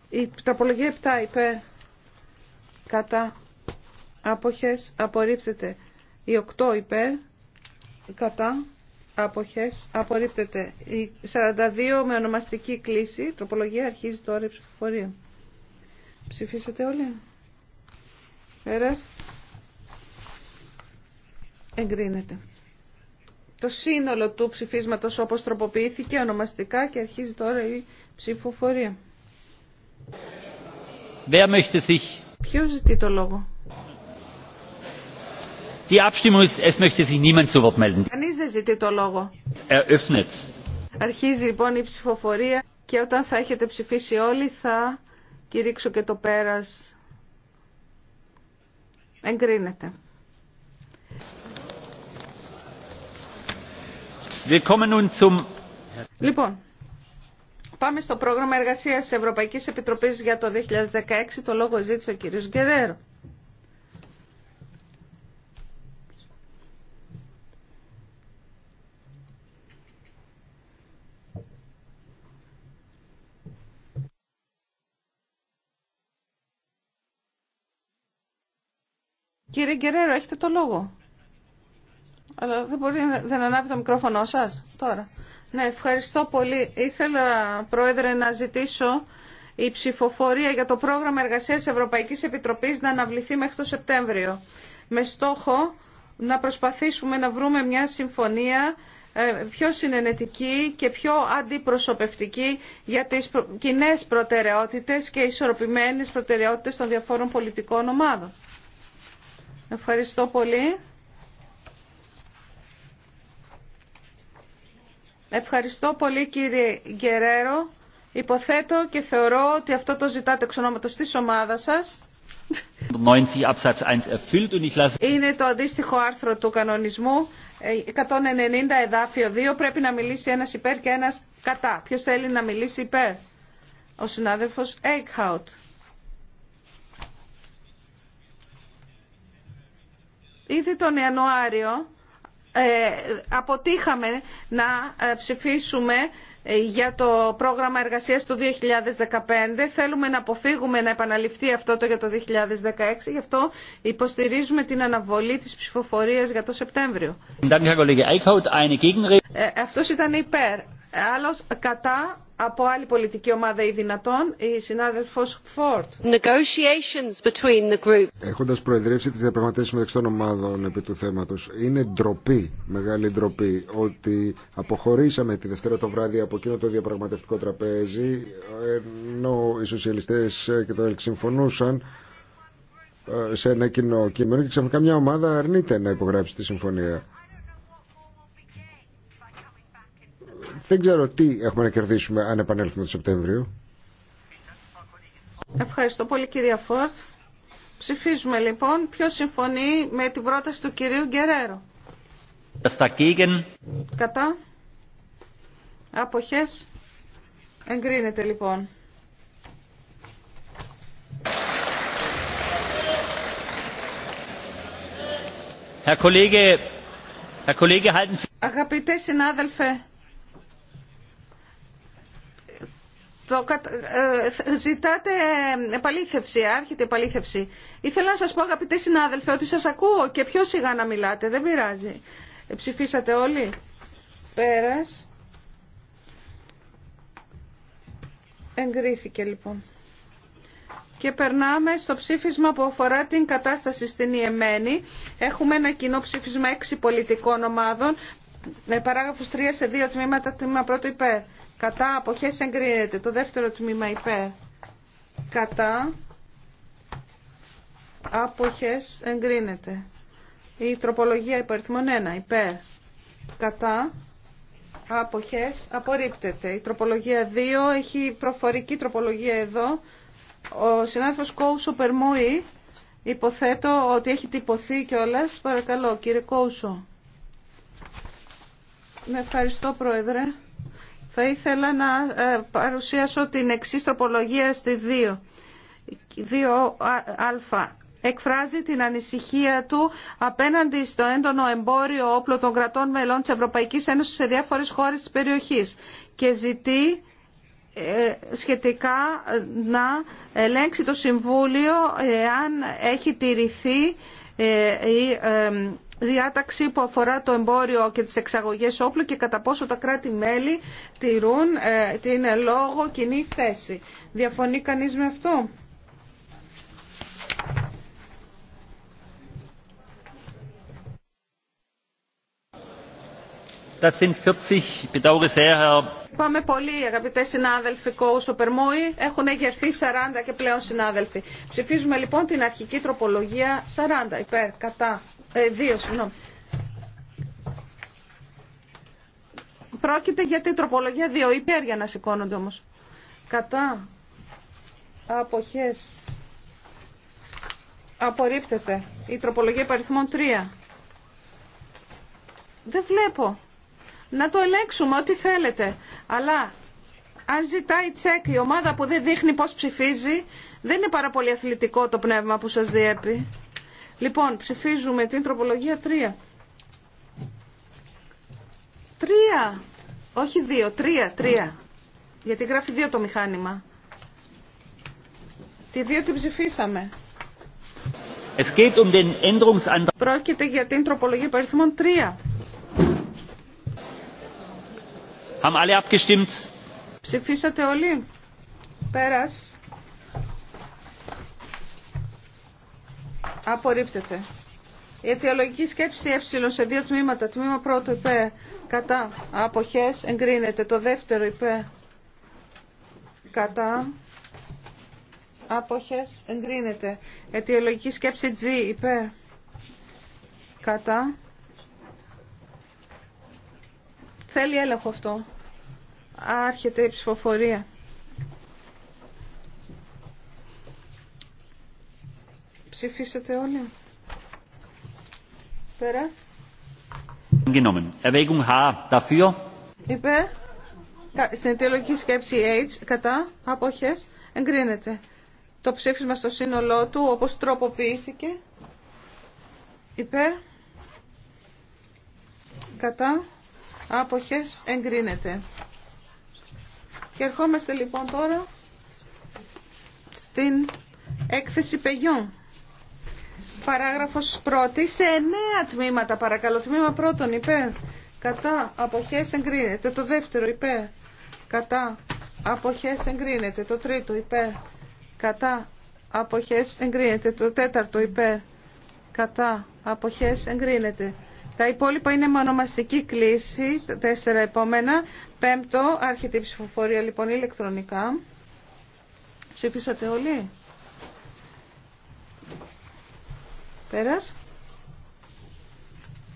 Η ταπολογία 7 υπέρ. Κατά. Αποχές. Απορρίπτεται. Η 8 υπέρ. Κατά. Αποχές. Απορρίπτεται. Η 42 με ονομαστική κλίση. Τροπολογία αρχίζει τώρα η ψηφοφορία. Ψηφίσατε όλοι. Πέρας. Εγκρίνεται. Το σύνολο του ψηφίσματος όπως τροποποιήθηκε ονομαστικά και αρχίζει τώρα η ψηφοφορία. Wer Ποιος ζητεί το λόγο. Die Abstimmung ist, το λόγο. Eröffnet. Αρχίζει λοιπόν η ψηφοφορία και όταν θα έχετε ψηφίσει όλοι θα κηρύξω και το πέρας. Εγκρίνεται. nun Λοιπόν, πάμε στο πρόγραμμα εργασίας της Ευρωπαϊκής Επιτροπής για το 2016. Το λόγο ζήτησε ο κύριος Γκερέρο. Κύριε Γκερέρο, έχετε το λόγο. Αλλά δεν, μπορεί, δεν ανάβει το μικρόφωνο σας τώρα. Ναι, ευχαριστώ πολύ. Ήθελα, Πρόεδρε, να ζητήσω η ψηφοφορία για το πρόγραμμα εργασίας Ευρωπαϊκής Επιτροπής να αναβληθεί μέχρι το Σεπτέμβριο. Με στόχο να προσπαθήσουμε να βρούμε μια συμφωνία ε, πιο συνενετική και πιο αντιπροσωπευτική για τις κοινέ προτεραιότητες και ισορροπημένες προτεραιότητες των διαφόρων πολιτικών ομάδων. Ευχαριστώ πολύ. Ευχαριστώ πολύ κύριε Γκερέρο. Υποθέτω και θεωρώ ότι αυτό το ζητάτε εξ ονόματος της ομάδας σας. 90, Absatz 1 erfüllt und ich lasse... Είναι το αντίστοιχο άρθρο του κανονισμού. 190 ε, εδάφιο 2 πρέπει να μιλήσει ένας υπέρ και ένας κατά. Ποιος θέλει να μιλήσει υπέρ. Ο συνάδελφος Eichhout. Ήδη τον Ιανουάριο ε, αποτύχαμε να ε, ψηφίσουμε ε, για το πρόγραμμα εργασίας του 2015. Θέλουμε να αποφύγουμε να επαναληφθεί αυτό το για το 2016. Γι' αυτό υποστηρίζουμε την αναβολή της ψηφοφορίας για το Σεπτέμβριο. Ε, αυτός ήταν υπέρ. Άλλος κατά από άλλη πολιτική ομάδα ή δυνατόν, η συνάδελφος Φόρτ. Έχοντας προεδρεύσει τις διαπραγματεύσεις μεταξύ των ομάδων επί του θέματος, είναι ντροπή, μεγάλη ντροπή, ότι αποχωρήσαμε τη Δευτέρα το βράδυ από εκείνο το διαπραγματευτικό τραπέζι, ενώ οι σοσιαλιστές και το ΕΛΚ συμφωνούσαν ε, σε ένα κοινό κείμενο και ξαφνικά μια ομάδα αρνείται να υπογράψει τη συμφωνία. Δεν ξέρω τι έχουμε να κερδίσουμε αν επανέλθουμε το Σεπτέμβριο. Ευχαριστώ πολύ κυρία Φόρτ. Ψηφίζουμε λοιπόν ποιο συμφωνεί με την πρόταση του κυρίου Γκερέρο. Κατά. Αποχές. Εγκρίνεται λοιπόν. Αγαπητέ συνάδελφε, το, ε, ζητάτε επαλήθευση, άρχεται επαλήθευση. Ήθελα να σας πω αγαπητέ συνάδελφοι ότι σας ακούω και πιο σιγά να μιλάτε, δεν πειράζει. Ε, ψηφίσατε όλοι. Πέρας. Εγκρίθηκε λοιπόν. Και περνάμε στο ψήφισμα που αφορά την κατάσταση στην Ιεμένη. Έχουμε ένα κοινό ψήφισμα έξι πολιτικών ομάδων με ναι, παράγραφος 3 σε δύο τμήματα, τμήμα 1 υπέρ. Κατά αποχές εγκρίνεται. Το δεύτερο τμήμα υπέρ. Κατά αποχές εγκρίνεται. Η τροπολογία υπαριθμών 1 υπέρ. Κατά αποχές απορρίπτεται. Η τροπολογία 2 έχει προφορική τροπολογία εδώ. Ο συνάδελφος Κόουσο Περμούη υποθέτω ότι έχει τυπωθεί κιόλας. Παρακαλώ κύριε Κόουσο. Ναι, ευχαριστώ, Πρόεδρε. Θα ήθελα να ε, παρουσιάσω την εξή τροπολογία στη 2. α Εκφράζει την ανησυχία του απέναντι στο έντονο εμπόριο όπλο των κρατών μελών της Ευρωπαϊκής Ένωσης σε διάφορες χώρες της περιοχής και ζητεί ε, σχετικά να ελέγξει το Συμβούλιο εάν έχει τηρηθεί ε, η διάταξη που αφορά το εμπόριο και τις εξαγωγές όπλου και κατά πόσο τα κράτη-μέλη τηρούν ε, την λόγο κοινή θέση. Διαφωνεί κανείς με αυτό? Das sind 40. sehr, Herr. Πάμε πολύ αγαπητέ συνάδελφοι κόου Έχουν εγερθεί 40 και πλέον συνάδελφοι. Ψηφίζουμε λοιπόν την αρχική τροπολογία 40 υπέρ κατά ε, δύο, συγγνώμη. Πρόκειται για την τροπολογία 2. Υπέρ για να σηκώνονται όμως. Κατά. Αποχές. Απορρίπτεται. Η τροπολογία υπαριθμών 3. Δεν βλέπω. Να το ελέγξουμε ό,τι θέλετε. Αλλά αν ζητάει τσεκ η ομάδα που δεν δείχνει πώς ψηφίζει, δεν είναι πάρα πολύ αθλητικό το πνεύμα που σας διέπει. Λοιπόν, ψηφίζουμε την τροπολογία 3. 3. Όχι 2. 3. 3. Γιατί γράφει 2 το μηχάνημα. Τη 2 την ψηφίσαμε. Es geht um den Änderungsantrag. Πρόκειται για την τροπολογία παριθμών 3. Haben alle abgestimmt? Ψηφίσατε όλοι. Πέρας. Απορρίπτεται. Η αιτιολογική σκέψη ε σε δύο τμήματα. Τμήμα πρώτο υπέ κατά αποχές εγκρίνεται. Το δεύτερο υπέ κατά αποχές εγκρίνεται. Αιτιολογική σκέψη G υπέ κατά. Θέλει έλεγχο αυτό. Άρχεται η ψηφοφορία. Ψηφίσατε όλοι. Πέρας. Είπε Στην αιτιολογική σκέψη H, κατά, αποχές, εγκρίνεται. Το ψήφισμα στο σύνολό του, όπως τροποποιήθηκε, υπέρ, κατά, άποχες, εγκρίνεται. Και ερχόμαστε λοιπόν τώρα στην έκθεση παιδιών. Παράγραφος πρώτη σε εννέα τμήματα παρακαλώ. Τμήμα πρώτον υπέρ. Κατά αποχές εγκρίνεται. Το δεύτερο υπέρ. Κατά αποχές εγκρίνεται. Το τρίτο υπέρ. Κατά αποχές εγκρίνεται. Το τέταρτο υπέρ. Κατά αποχές εγκρίνεται. Τα υπόλοιπα είναι μονομαστική κλίση, τέσσερα επόμενα. Πέμπτο, άρχεται η ψηφοφορία λοιπόν ηλεκτρονικά. Ψήφισατε όλοι. Πέρας.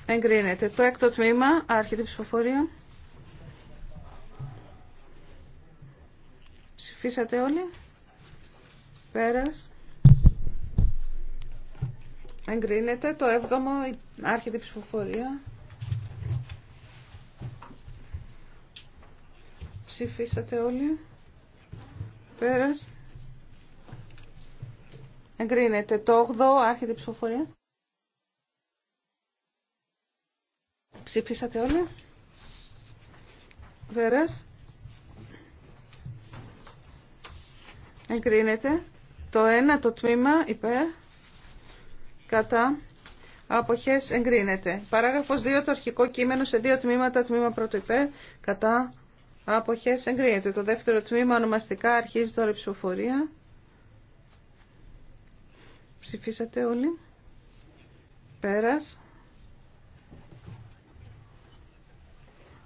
Εγκρίνεται. Το έκτο τμήμα, άρχεται ψηφοφορία. Ψηφίσατε όλοι. Πέρας. Εγκρίνεται. Το έβδομο, άρχεται η ψηφοφορία. Ψηφίσατε όλοι. Πέρας. Εγκρίνεται το 8, άρχεται η ψηφοφορία. Ψήφισατε όλοι. Βέρας. Εγκρίνεται το 1, το τμήμα υπέρ. Κατά. Αποχές εγκρίνεται. Παράγραφος 2, το αρχικό κείμενο σε δύο τμήματα, τμήμα πρώτο υπέρ. Κατά. Αποχές εγκρίνεται. Το δεύτερο τμήμα ονομαστικά αρχίζει τώρα η ψηφοφορία. Ψηφίσατε όλοι. Πέρας.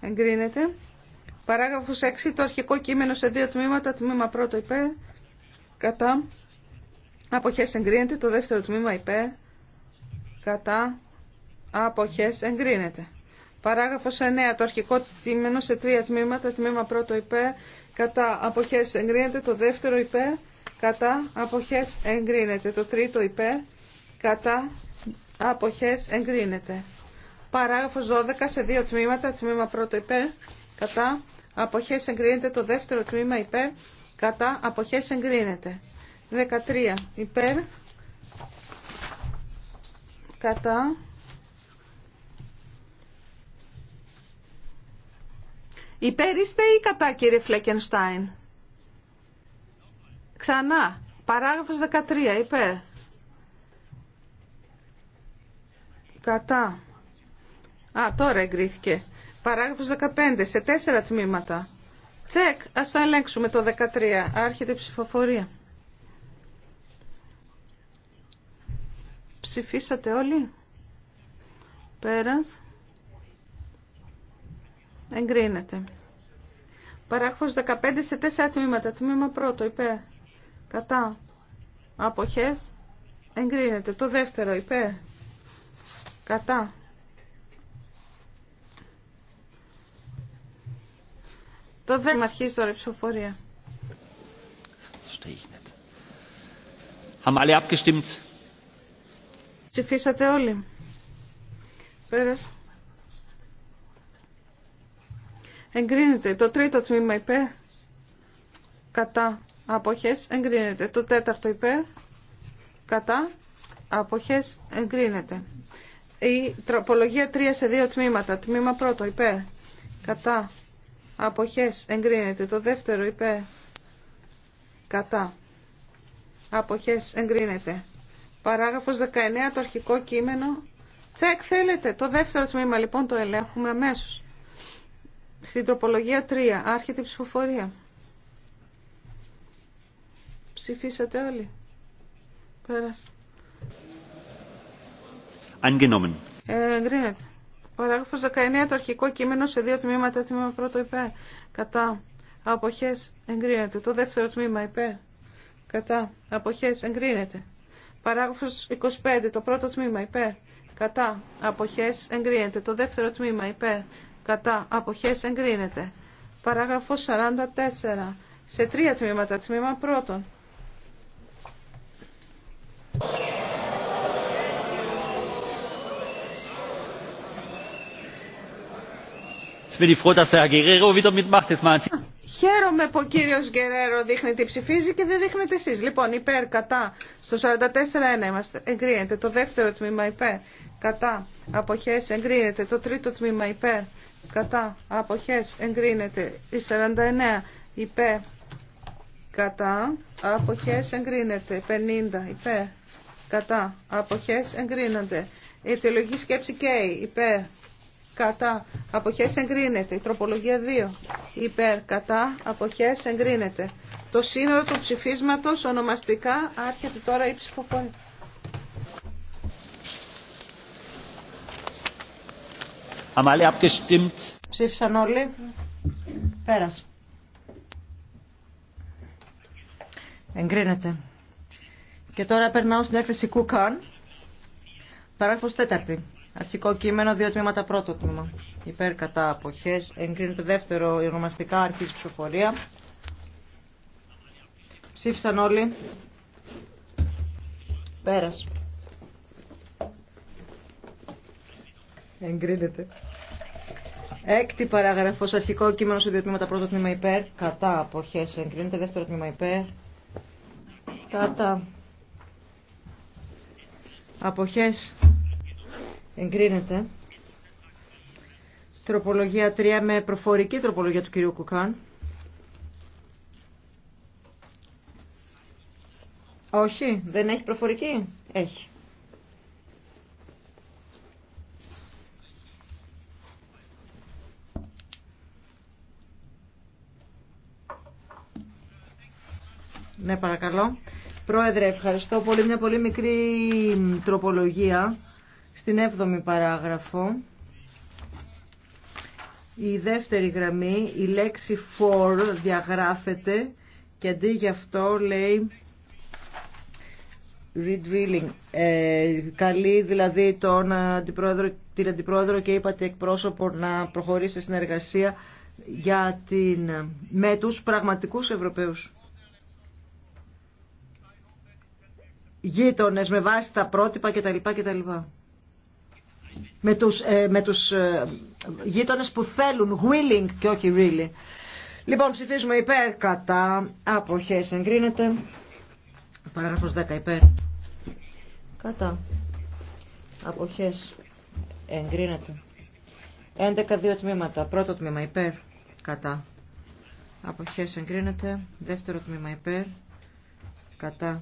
Εγκρίνεται. Παράγραφος 6. Το αρχικό κείμενο σε δύο τμήματα. Τμήμα πρώτο υπέ Κατά. Αποχές εγκρίνεται. Το δεύτερο τμήμα υπέ. Κατά. Αποχές εγκρίνεται. Παράγραφος 9. Το αρχικό κείμενο σε τρία τμήματα. Τμήμα πρώτο υπέ. Κατά. Αποχές εγκρίνεται. Το δεύτερο υπέ κατά αποχές εγκρίνεται. Το τρίτο υπέρ κατά αποχές εγκρίνεται. Παράγραφος 12 σε δύο τμήματα, τμήμα πρώτο υπέρ κατά αποχές εγκρίνεται. Το δεύτερο τμήμα υπέρ κατά αποχές εγκρίνεται. 13 υπέρ κατά Υπέρ είστε ή κατά κύριε Φλέκενστάιν. Ξανά. Παράγραφος 13. Υπέρ. Κατά. Α, τώρα εγκρίθηκε. Παράγραφος 15. Σε τέσσερα τμήματα. Τσεκ. Ας το ελέγξουμε το 13. Άρχεται η ψηφοφορία. Ψηφίσατε όλοι. Πέρας. Εγκρίνεται. Παράγραφος 15 σε τέσσερα τμήματα. Τμήμα πρώτο. Υπέρ κατά αποχές εγκρίνεται το δεύτερο υπέρ κατά το δεύτερο αρχίζει τώρα η ψηφοφορία Haben alle abgestimmt? Ψηφίσατε όλοι. Πέρασε. Εγκρίνεται το τρίτο τμήμα υπέρ. Κατά. Αποχές εγκρίνεται. Το τέταρτο υπέρ. Κατά. Αποχές εγκρίνεται. Η τροπολογία 3 σε δύο τμήματα. Τμήμα πρώτο υπέρ. Κατά. Αποχές εγκρίνεται. Το δεύτερο υπέρ. Κατά. Αποχές εγκρίνεται. Παράγραφος 19 το αρχικό κείμενο. Τσεκ θέλετε. Το δεύτερο τμήμα λοιπόν το ελέγχουμε αμέσως. Στην τροπολογία 3 άρχεται η ψηφοφορία. Ψηφίσατε όλοι. Πέρασε. Angenommen. Ε, εγκρίνεται. Παράγραφος 19. Το αρχικό κείμενο σε δύο τμήματα. Τμήμα πρώτο υπέρ. Κατά. Αποχέ, Εγκρίνεται. Το δεύτερο τμήμα υπέ. Κατά. Αποχέ Εγκρίνεται. Παράγραφο 25. Το πρώτο τμήμα υπέρ. Κατά. Αποχές. Εγκρίνεται. Το δεύτερο τμήμα υπέ. Κατά. αποχέ Εγκρίνεται. Παράγραφο 44. Σε τρία τμήματα. Τμήμα πρώτον Ah, χαίρομαι που ο κύριο Γκερέρο δείχνει τι ψηφίζει και δεν δείχνετε εσεί. Λοιπόν, υπέρ, κατά. Στο 44-1 είμαστε. Εγκρίνεται το δεύτερο τμήμα υπέρ. Κατά. Αποχέ εγκρίνεται. Το τρίτο τμήμα υπέρ. Κατά. Αποχέ εγκρίνεται. Η 49 υπέρ. Κατά. Αποχέ εγκρίνεται. 50 υπέρ. Κατά. Αποχέ εγκρίνονται. Η αιτιολογική σκέψη καίει υπέρ κατά αποχές εγκρίνεται. Η τροπολογία 2 υπέρ κατά αποχές εγκρίνεται. Το σύνολο του ψηφίσματος ονομαστικά άρχεται τώρα η ψηφοφορία. Ψήφισαν όλοι. Πέρασε. Εγκρίνεται. Και τώρα περνάω στην έκθεση Κουκάν. Παράγραφος τέταρτη. Αρχικό κείμενο, δύο τμήματα, πρώτο τμήμα. Υπέρ κατά αποχές. Εγκρίνεται δεύτερο, ονομαστικά αρχής ψηφοφορία. Ψήφισαν όλοι. Πέρας. Εγκρίνεται. Έκτη παράγραφος, αρχικό κείμενο σε δύο τμήματα, πρώτο τμήμα υπέρ. Κατά αποχές. Εγκρίνεται δεύτερο τμήμα υπέρ. Κατά. Αποχές Εγκρίνεται. Τροπολογία 3 με προφορική τροπολογία του κυρίου Κουκάν. Όχι, δεν έχει προφορική. Έχει. Ναι, παρακαλώ. Πρόεδρε, ευχαριστώ πολύ. Μια πολύ μικρή τροπολογία στην 7η παράγραφο, η δεύτερη γραμμή, η λέξη for διαγράφεται και αντί γι' αυτό λέει redrilling. Ε, καλεί δηλαδή τον αντιπρόεδρο, την αντιπρόεδρο και είπατε εκπρόσωπο να προχωρήσει συνεργασία για την, με τους πραγματικούς Ευρωπαίους γείτονες με βάση τα πρότυπα κτλ. κτλ με τους, ε, ε που θέλουν willing και όχι really. Λοιπόν, ψηφίζουμε υπέρ κατά αποχές. Εγκρίνεται. Παράγραφος 10 υπέρ. Κατά. Αποχές. Εγκρίνεται. 11 δύο τμήματα. Πρώτο τμήμα υπέρ. Κατά. Αποχές εγκρίνεται. Δεύτερο τμήμα υπέρ. Κατά.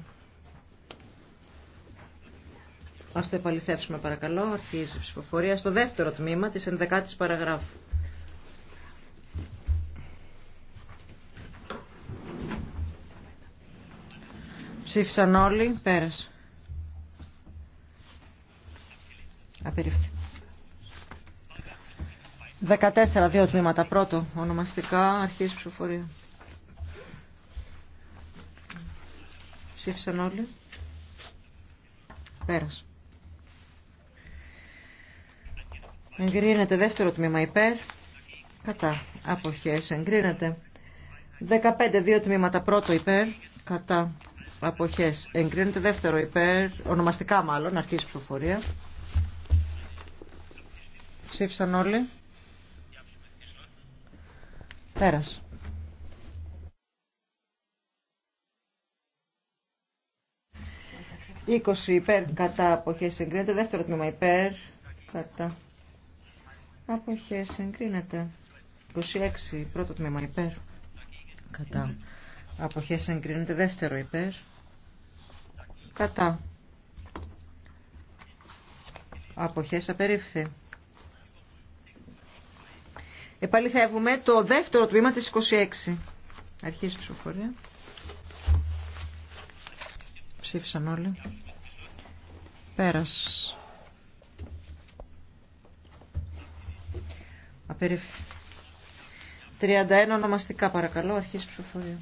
Ας το επαληθεύσουμε παρακαλώ. Αρχίζει η ψηφοφορία στο δεύτερο τμήμα της ενδεκάτης παραγράφου. Ψήφισαν όλοι. Πέρασε. Απερίφθη. Δεκατέσσερα δύο τμήματα. Πρώτο, ονομαστικά, αρχής ψηφοφορία. Ψήφισαν όλοι. Πέρασε. Εγκρίνεται δεύτερο τμήμα υπέρ. Κατά. Αποχές. Εγκρίνεται. 15. Δύο τμήματα. Πρώτο υπέρ. Κατά. Αποχές. Εγκρίνεται δεύτερο υπέρ. Ονομαστικά μάλλον. η ψηφοφορία. Ψήφισαν όλοι. Πέρας. Είκοσι υπέρ κατά αποχές εγκρίνεται. Δεύτερο τμήμα υπέρ κατά Αποχές εγκρίνεται. 26 πρώτο τμήμα υπέρ. Κατά. Αποχές εγκρίνεται δεύτερο υπέρ. Κατά. Αποχές απερίφθη. Επαληθεύουμε το δεύτερο τμήμα της 26. η ψηφοφορία. Ψήφισαν όλοι. Πέρας. Απερίφθη. 31 ονομαστικά παρακαλώ, αρχής ψηφοφορία.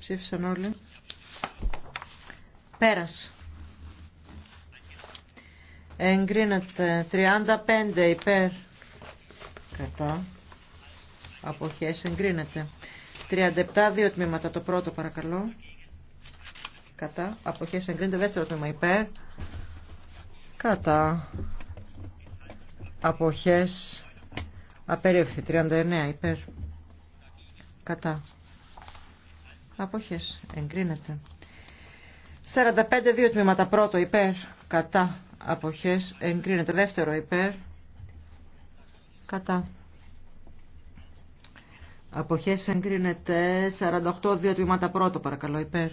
Ψήφισαν όλοι. πέρας Εγκρίνεται 35 υπέρ κατά αποχές εγκρίνεται 37 δύο τμήματα το πρώτο παρακαλώ κατά αποχές εγκρίνεται δεύτερο τμήμα υπέρ κατά αποχές απερίφθη 39 υπέρ κατά αποχές εγκρίνεται 45 δύο τμήματα πρώτο υπέρ κατά αποχές εγκρίνεται δεύτερο υπέρ κατά αποχές εγκρίνεται 48 δύο τμήματα πρώτο παρακαλώ υπέρ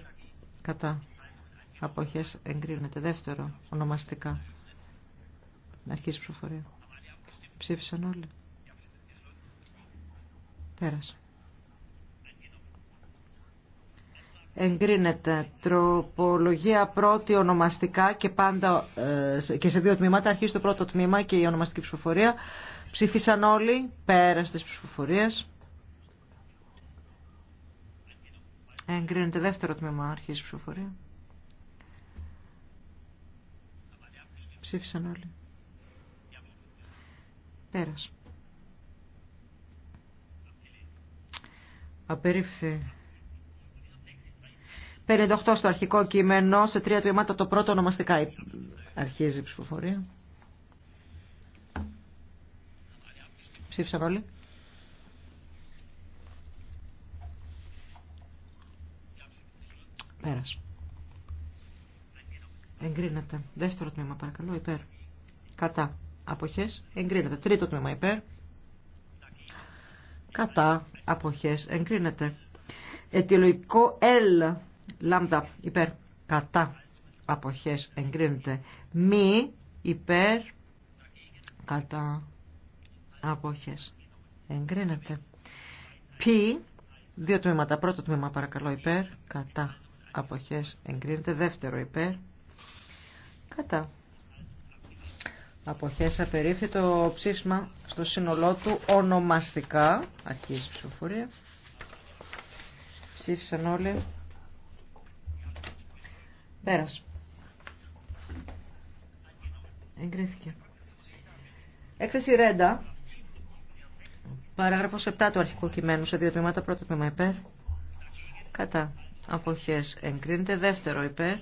κατά αποχές εγκρίνεται δεύτερο ονομαστικά να αρχίσει η ψηφοφορία Ψήφισαν όλοι. Πέρασε. Εγκρίνεται τροπολογία πρώτη ονομαστικά και πάντα ε, και σε δύο τμήματα. Αρχίζει το πρώτο τμήμα και η ονομαστική ψηφοφορία. Ψήφισαν όλοι πέρα τη ψηφοφορία. Εγκρίνεται δεύτερο τμήμα. Αρχίζει η ψηφοφορία. Ψήφισαν όλοι. Πέρας. Απερίφθη. 58 στο αρχικό κείμενο, σε τρία τμήματα το πρώτο ονομαστικά αρχίζει η ψηφοφορία. Ψήφισαν όλοι. Πέρας. Εγκρίνεται. Δεύτερο τμήμα παρακαλώ, υπέρ. Κατά αποχές εγκρίνεται. Τρίτο τμήμα υπέρ, κατά, αποχές εγκρίνεται. Αιτιολογικό L, λάμδα υπέρ, κατά, αποχές εγκρίνεται. Μη υπέρ, κατά, αποχές εγκρίνεται. Π, δύο τμήματα. Πρώτο τμήμα παρακαλώ υπέρ, κατά, αποχές εγκρίνεται. Δεύτερο υπέρ, κατά Αποχές απερίφθη το ψήφισμα στο σύνολό του ονομαστικά. Αρχίζει η ψηφοφορία. Ψήφισαν όλοι. Πέρασε. Εγκρίθηκε. Έκθεση Ρέντα. Παράγραφό 7 του αρχικού κειμένου σε δύο τμήματα. Πρώτο τμήμα υπέρ. Κατά. Αποχέ. εγκρίνεται. Δεύτερο υπέρ.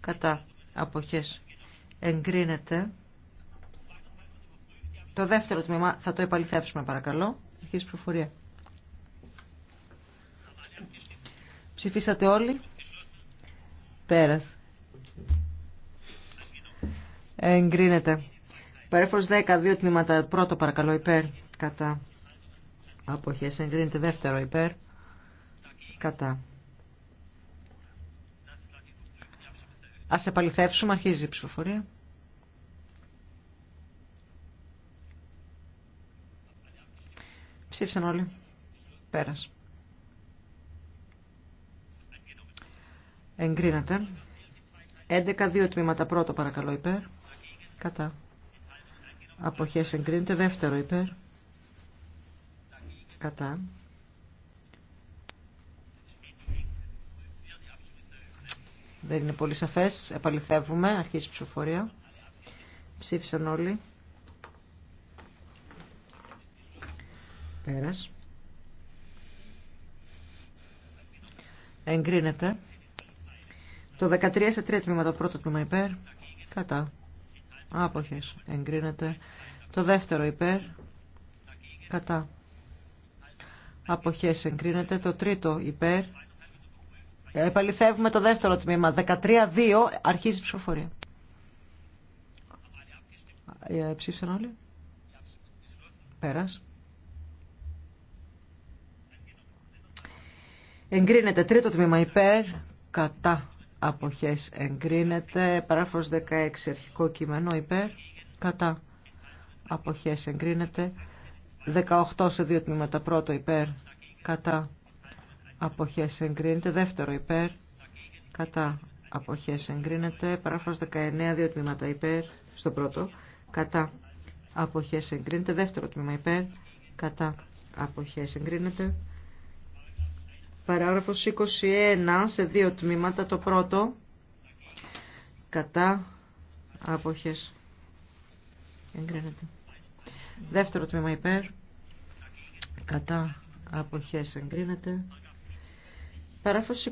Κατά. Αποχέ. εγκρίνεται. Το δεύτερο τμήμα θα το επαληθεύσουμε παρακαλώ. Αρχίζει προφορία. Ψηφίσατε όλοι. Πέρας. Εγκρίνεται. Παρέφος 10, δύο τμήματα. Πρώτο παρακαλώ υπέρ. Κατά. Αποχές εγκρίνεται. Δεύτερο υπέρ. Κατά. Ας επαληθεύσουμε. Αρχίζει η ψηφοφορία. Ψήφισαν όλοι. Πέρας. Εγκρίνεται. 11 δύο τμήματα. Πρώτο παρακαλώ υπέρ. Κατά. Αποχές εγκρίνεται. Δεύτερο υπέρ. Κατά. Δεν είναι πολύ σαφές. Επαληθεύουμε. Αρχίζει η ψηφοφορία. Ψήφισαν όλοι. Εγκρίνεται. Το 13 σε 3 Το πρώτο τμήμα υπέρ. Κατά. Άποχες. Εγκρίνεται. Το δεύτερο υπέρ. Κατά. Αποχές εγκρίνεται. Το τρίτο υπέρ. Επαληθεύουμε το δεύτερο τμήμα. 13-2 αρχίζει η ψηφοφορία. Ε, ψήφισαν όλοι. Πέρας. Εγκρίνεται τρίτο τμήμα υπέρ, κατά αποχές εγκρίνεται. Παράγραφος 16 αρχικό κείμενο υπέρ, κατά αποχές εγκρίνεται. 18 σε δύο τμήματα πρώτο υπέρ, κατά αποχές εγκρίνεται. Δεύτερο υπέρ, κατά αποχές εγκρίνεται. Παράγραφος 19 δύο τμήματα υπέρ, στο πρώτο, κατά αποχές εγκρίνεται. Δεύτερο τμήμα υπέρ, κατά αποχές εγκρίνεται. Παράγραφος 21 σε δύο τμήματα. Το πρώτο κατά άποχες. Εγκρίνεται. Δεύτερο τμήμα υπέρ. Κατά αποχές εγκρίνεται. Παράγραφος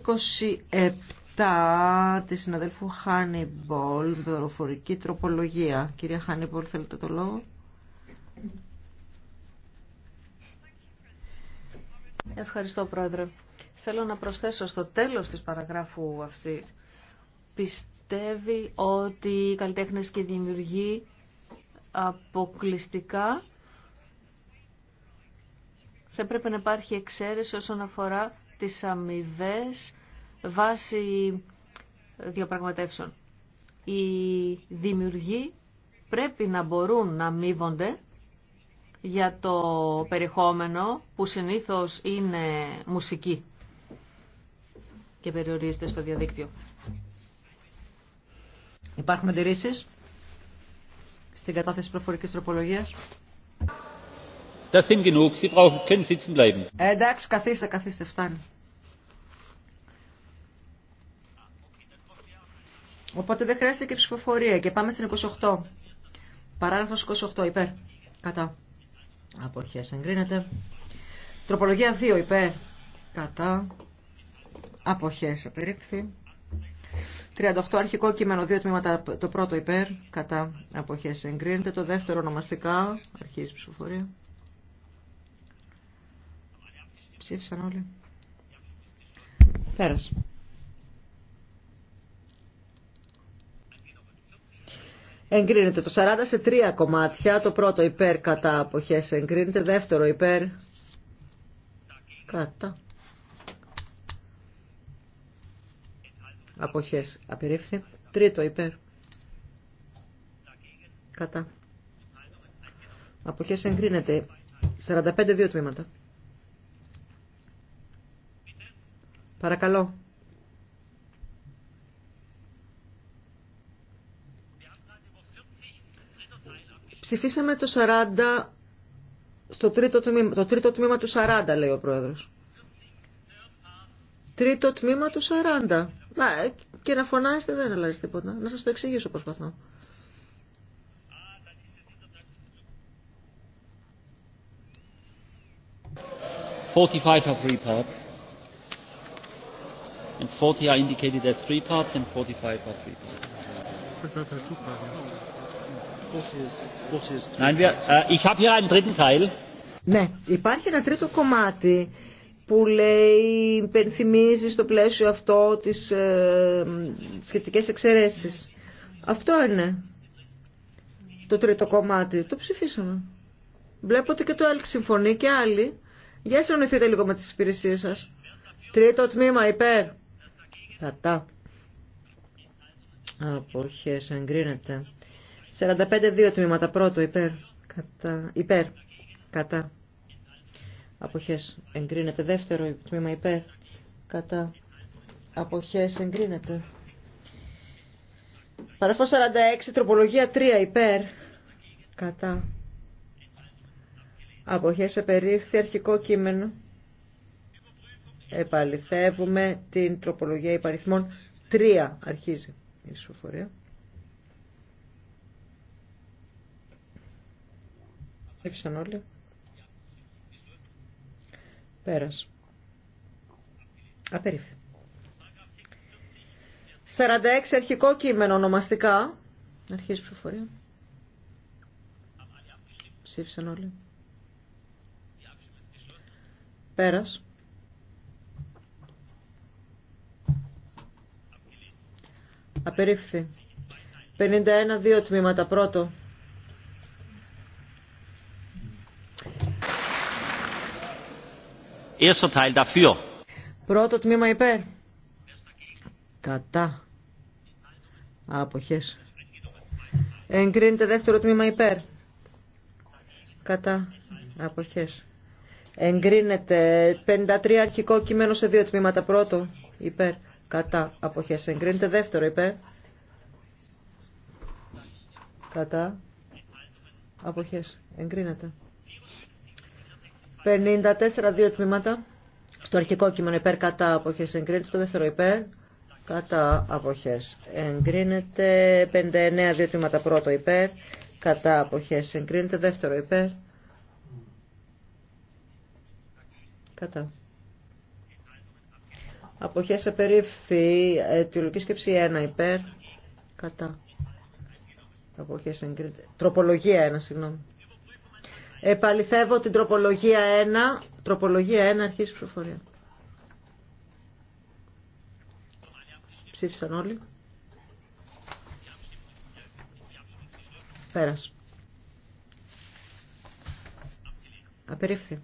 27 της συναδέλφου Χάνιμπολ, πληροφορική τροπολογία. Κυρία Χάνιμπολ, θέλετε το λόγο. Ευχαριστώ, Πρόεδρε. Θέλω να προσθέσω στο τέλος της παραγράφου αυτή. Πιστεύει ότι οι καλλιτέχνες και οι δημιουργοί αποκλειστικά θα πρέπει να υπάρχει εξαίρεση όσον αφορά τις αμοιβέ βάσει διαπραγματεύσεων. Οι δημιουργοί πρέπει να μπορούν να αμείβονται για το περιεχόμενο που συνήθως είναι μουσική και περιορίζεται στο διαδίκτυο. Υπάρχουν αντιρρήσει στην κατάθεση προφορική τροπολογία. Das sind genug. Sie brauchen, können sitzen bleiben. Ε, εντάξει, καθίστε, καθίστε, φτάνει. Οπότε δεν χρειάζεται και ψηφοφορία. Και πάμε στην 28. Παράγραφος 28, υπέρ. Κατά. Αποχές εγκρίνεται. Τροπολογία 2, υπέρ. Κατά. Αποχές απερίφθη. 38 αρχικό κείμενο, δύο τμήματα, το πρώτο υπέρ, κατά αποχές εγκρίνεται, το δεύτερο ονομαστικά, αρχής ψηφοφορία. Ψήφισαν όλοι. Πέρασε. Εγκρίνεται το 40 σε τρία κομμάτια, το πρώτο υπέρ κατά αποχές εγκρίνεται, δεύτερο υπέρ κατά αποχές απερίφθη. Τρίτο υπέρ. Κατά. Αποχές εγκρίνεται. 45 δύο τμήματα. Παρακαλώ. Ψηφίσαμε το 40 στο τρίτο τμήμα, το τρίτο τμήμα του 40 λέει ο πρόεδρος. Τρίτο τμήμα του 40. Μα, και να φωνάζετε δεν αλλάζει τίποτα. Να σας το εξηγήσω προσπαθώ. Forty five are three parts, and forty are indicated as three parts, and forty five are three parts. Nein, wir, ich habe hier einen dritten Teil. Ναι, υπάρχει ένα τρίτο κομμάτι που λέει, υπενθυμίζει στο πλαίσιο αυτό τις ε, σχετικές εξαιρέσεις. Αυτό είναι το τρίτο κομμάτι. Το ψηφίσαμε. Βλέπω ότι και το ΕΛΚ συμφωνεί και άλλοι. Για συνοηθείτε λίγο με τις υπηρεσίες σας. Τρίτο τμήμα, υπέρ. Κατά. Αποχές, εγκρίνεται. 45 δύο τμήματα, πρώτο, υπέρ. Κατά. Υπέρ. Κατά αποχές εγκρίνεται. Δεύτερο τμήμα υπέρ κατά αποχές εγκρίνεται. Παραφώς 46, τροπολογία 3 υπέρ κατά αποχές επερίφθη αρχικό κείμενο. Επαληθεύουμε την τροπολογία υπαριθμών 3 αρχίζει η ισοφορία. Έφυσαν όλοι. Πέρας. Απερίφθη. 46 αρχικό κείμενο ονομαστικά. Αρχίζει ψηφοφορία. Ψήφισαν όλοι. Πέρας. Απερίφθη. 51 δύο τμήματα πρώτο. Πρώτο τμήμα υπέρ. Κατά. Άποχες. Εγκρίνεται δεύτερο τμήμα υπέρ. Κατά. Αποχές. Εγκρίνεται 53 αρχικό κείμενο σε δύο τμήματα. Πρώτο υπέρ. Κατά. Αποχές. Εγκρίνεται δεύτερο υπέρ. Κατά. Αποχές. Εγκρίνεται. 54 δύο τμήματα. Στο αρχικό κείμενο υπέρ κατά αποχές εγκρίνεται, το δεύτερο υπέρ κατά αποχές εγκρίνεται, 59 δύο τμήματα πρώτο υπέρ κατά αποχές εγκρίνεται, δεύτερο υπέρ κατά. Αποχές απερίφθη, αιτιολογική σκέψη 1 υπέρ κατά. Αποχές εγκρίνεται. Τροπολογία 1, συγγνώμη. Επαληθεύω την τροπολογία 1. Τροπολογία 1 αρχής ψηφοφορία. Ψήφισαν όλοι. Πέρας. Απερίφθη.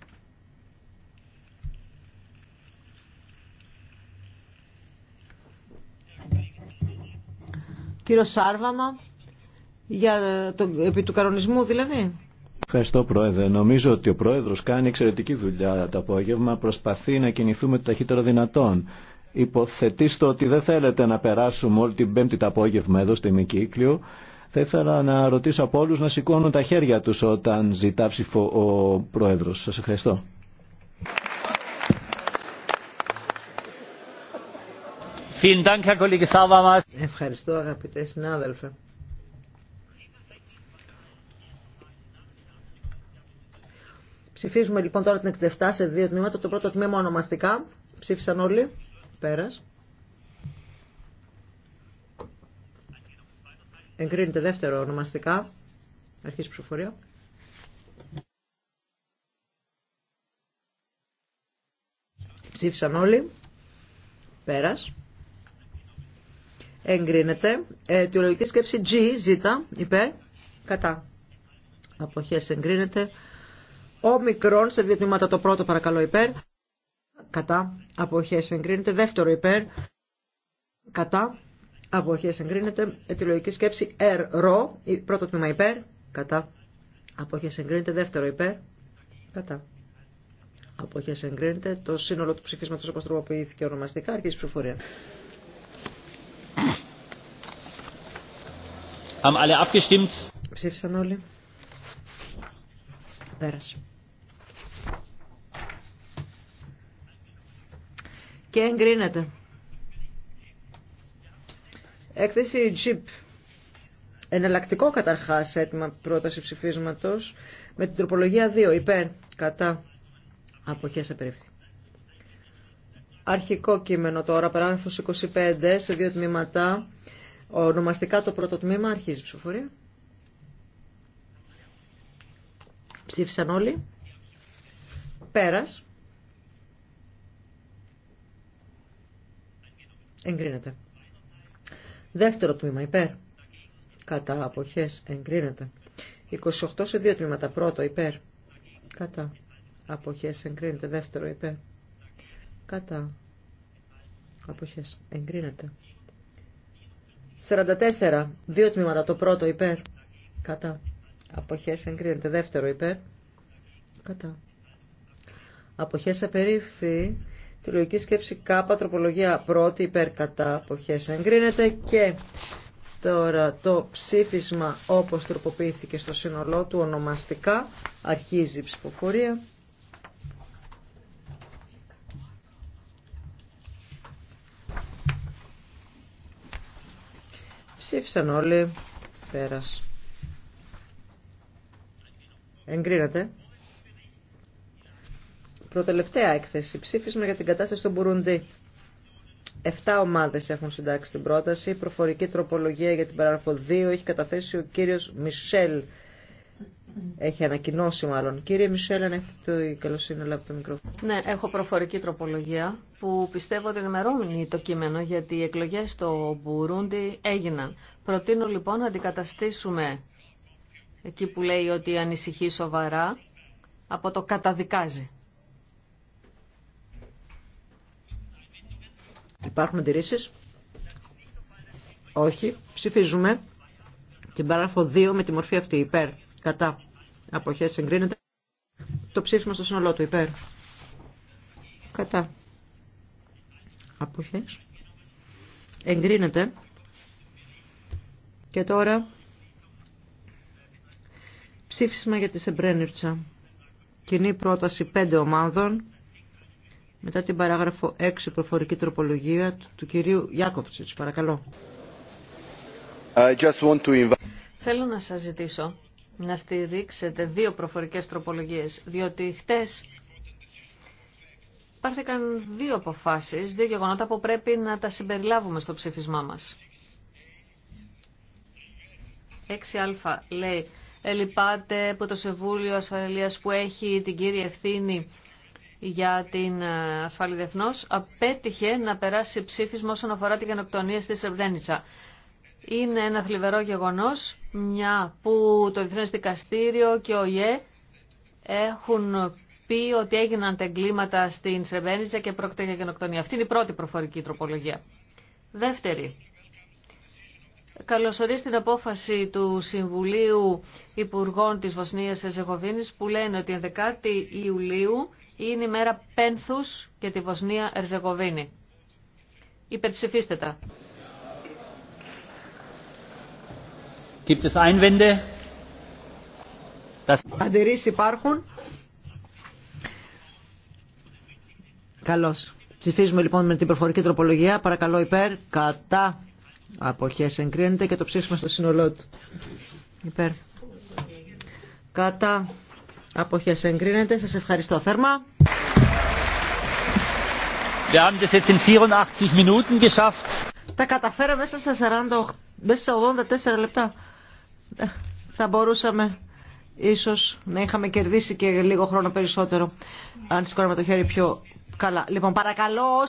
Κύριο Σάρβαμα, για το, επί του κανονισμού δηλαδή. Ευχαριστώ Πρόεδρε. Νομίζω ότι ο Πρόεδρος κάνει εξαιρετική δουλειά το απόγευμα. Προσπαθεί να κινηθούμε το ταχύτερο δυνατόν. Υποθετήστε ότι δεν θέλετε να περάσουμε όλη την πέμπτη το απόγευμα εδώ στη Μικύκλιο. Θα ήθελα να ρωτήσω από όλου να σηκώνουν τα χέρια τους όταν ζητά ψηφο ο Πρόεδρος. Σας ευχαριστώ. Ευχαριστώ αγαπητέ συνάδελφε. Ψηφίζουμε λοιπόν τώρα την 67 σε δύο τμήματα. Το πρώτο τμήμα ονομαστικά. Ψήφισαν όλοι. Πέρα. Εγκρίνεται δεύτερο ονομαστικά. Αρχής ψηφοφορία. Ψήφισαν όλοι. Πέρα. Εγκρίνεται. Ε, σκέψη G, Z, υπέρ. Κατά. Αποχέ. εγκρίνεται. Ο μικρόν σε δύο τμήματα το πρώτο παρακαλώ υπέρ. Κατά. Αποχές εγκρίνεται. Δεύτερο υπέρ. Κατά. Αποχές εγκρίνεται. Ετυλογική σκέψη Ερ Ρο. Πρώτο τμήμα υπέρ. Κατά. Αποχές εγκρίνεται. Δεύτερο υπέρ. Κατά. Αποχές εγκρίνεται. Το σύνολο του ψηφίσματος όπως τροποποιήθηκε ονομαστικά αρχίζει ψηφοφορία. Ψήφισαν όλοι. Πέρασε. και εγκρίνεται. Έκθεση JIP. Εναλλακτικό καταρχάς έτοιμα πρόταση ψηφίσματο με την τροπολογία 2 υπέρ κατά αποχές απερίφθη. Αρχικό κείμενο τώρα, παράγραφο 25, σε δύο τμήματα. Ονομαστικά το πρώτο τμήμα αρχίζει η ψηφοφορία. Ψήφισαν όλοι. Πέρας. εγκρίνεται. Δεύτερο τμήμα υπέρ, κατά αποχές εγκρίνεται. 28 σε δύο τμήματα, πρώτο υπέρ, κατά αποχές εγκρίνεται. Δεύτερο υπέρ, κατά αποχές εγκρίνεται. 44, δύο τμήματα, το πρώτο υπέρ, κατά αποχές εγκρίνεται. Δεύτερο υπέρ, κατά. Αποχές απερίφθη τη λογική σκέψη Κ, τροπολογία πρώτη υπέρ κατά αποχές εγκρίνεται και τώρα το ψήφισμα όπως τροποποιήθηκε στο σύνολό του ονομαστικά αρχίζει η ψηφοφορία. Ψήφισαν όλοι. Πέρας. Εγκρίνεται προτελευταία έκθεση, ψήφισμα για την κατάσταση στον Μπουρουντή. Εφτά ομάδες έχουν συντάξει την πρόταση. Προφορική τροπολογία για την παράγραφο 2 έχει καταθέσει ο κύριος Μισελ. Έχει ανακοινώσει μάλλον. Κύριε Μισελ, αν έχετε το καλοσύνη από το μικρόφωνο. Ναι, έχω προφορική τροπολογία που πιστεύω ότι ενημερώνει το κείμενο γιατί οι εκλογές στο Μπουρούντι έγιναν. Προτείνω λοιπόν να αντικαταστήσουμε εκεί που λέει ότι ανησυχεί σοβαρά από το καταδικάζει. Υπάρχουν αντιρρήσει. Όχι. Ψηφίζουμε την παράγραφο 2 με τη μορφή αυτή. Υπέρ. Κατά. Αποχές εγκρίνεται. Το ψήφισμα στο σύνολό του. Υπέρ. Κατά. Αποχές. Εγκρίνεται. Και τώρα ψήφισμα για τη Σεμπρένιρτσα. Κοινή πρόταση 5 ομάδων μετά την παράγραφο 6 προφορική τροπολογία του, κυρίου Γιάκοφτσιτς. Παρακαλώ. Θέλω να σας ζητήσω να στηρίξετε δύο προφορικές τροπολογίες, διότι χτες πάρθηκαν δύο αποφάσεις, δύο γεγονότα που πρέπει να τα συμπεριλάβουμε στο ψήφισμά μας. 6α λέει, ελυπάτε που το Σεβούλιο Ασφαλείας που έχει την κύρια ευθύνη για την ε, ασφάλεια διεθνώ απέτυχε να περάσει ψήφισμα όσον αφορά τη γενοκτονία στη Σεβδένιτσα. Είναι ένα θλιβερό γεγονό μια που το Διεθνέ Δικαστήριο και ο ΙΕ έχουν πει ότι έγιναν τα εγκλήματα στην Σεβδένιτσα και πρόκειται για γενοκτονία. Αυτή είναι η πρώτη προφορική τροπολογία. Δεύτερη, καλωσορίζει την απόφαση του Συμβουλίου Υπουργών της Βοσνίας Εζεγοβίνης που λένε ότι 11 Ιουλίου είναι η μέρα Πένθους και τη Βοσνία Ερζεγοβίνη. Υπερψηφίστε τα. Gibt es Einwände? Αντιρρήσεις υπάρχουν. Καλώς. Ψηφίζουμε λοιπόν με την προφορική τροπολογία. Παρακαλώ υπέρ, κατά, αποχές εγκρίνεται και το ψήφισμα στο σύνολό του. Υπέρ. Κατά. Αποχές εγκρίνεται. Σας ευχαριστώ θερμά. Wir haben das jetzt in 84 Minuten geschafft. Τα καταφέραμε μέσα 48, 40, μέσα 84 λεπτά. Ε, θα μπορούσαμε ίσως να είχαμε κερδίσει και λίγο χρόνο περισσότερο αν σηκώναμε το χέρι πιο καλά. Λοιπόν, παρακαλώ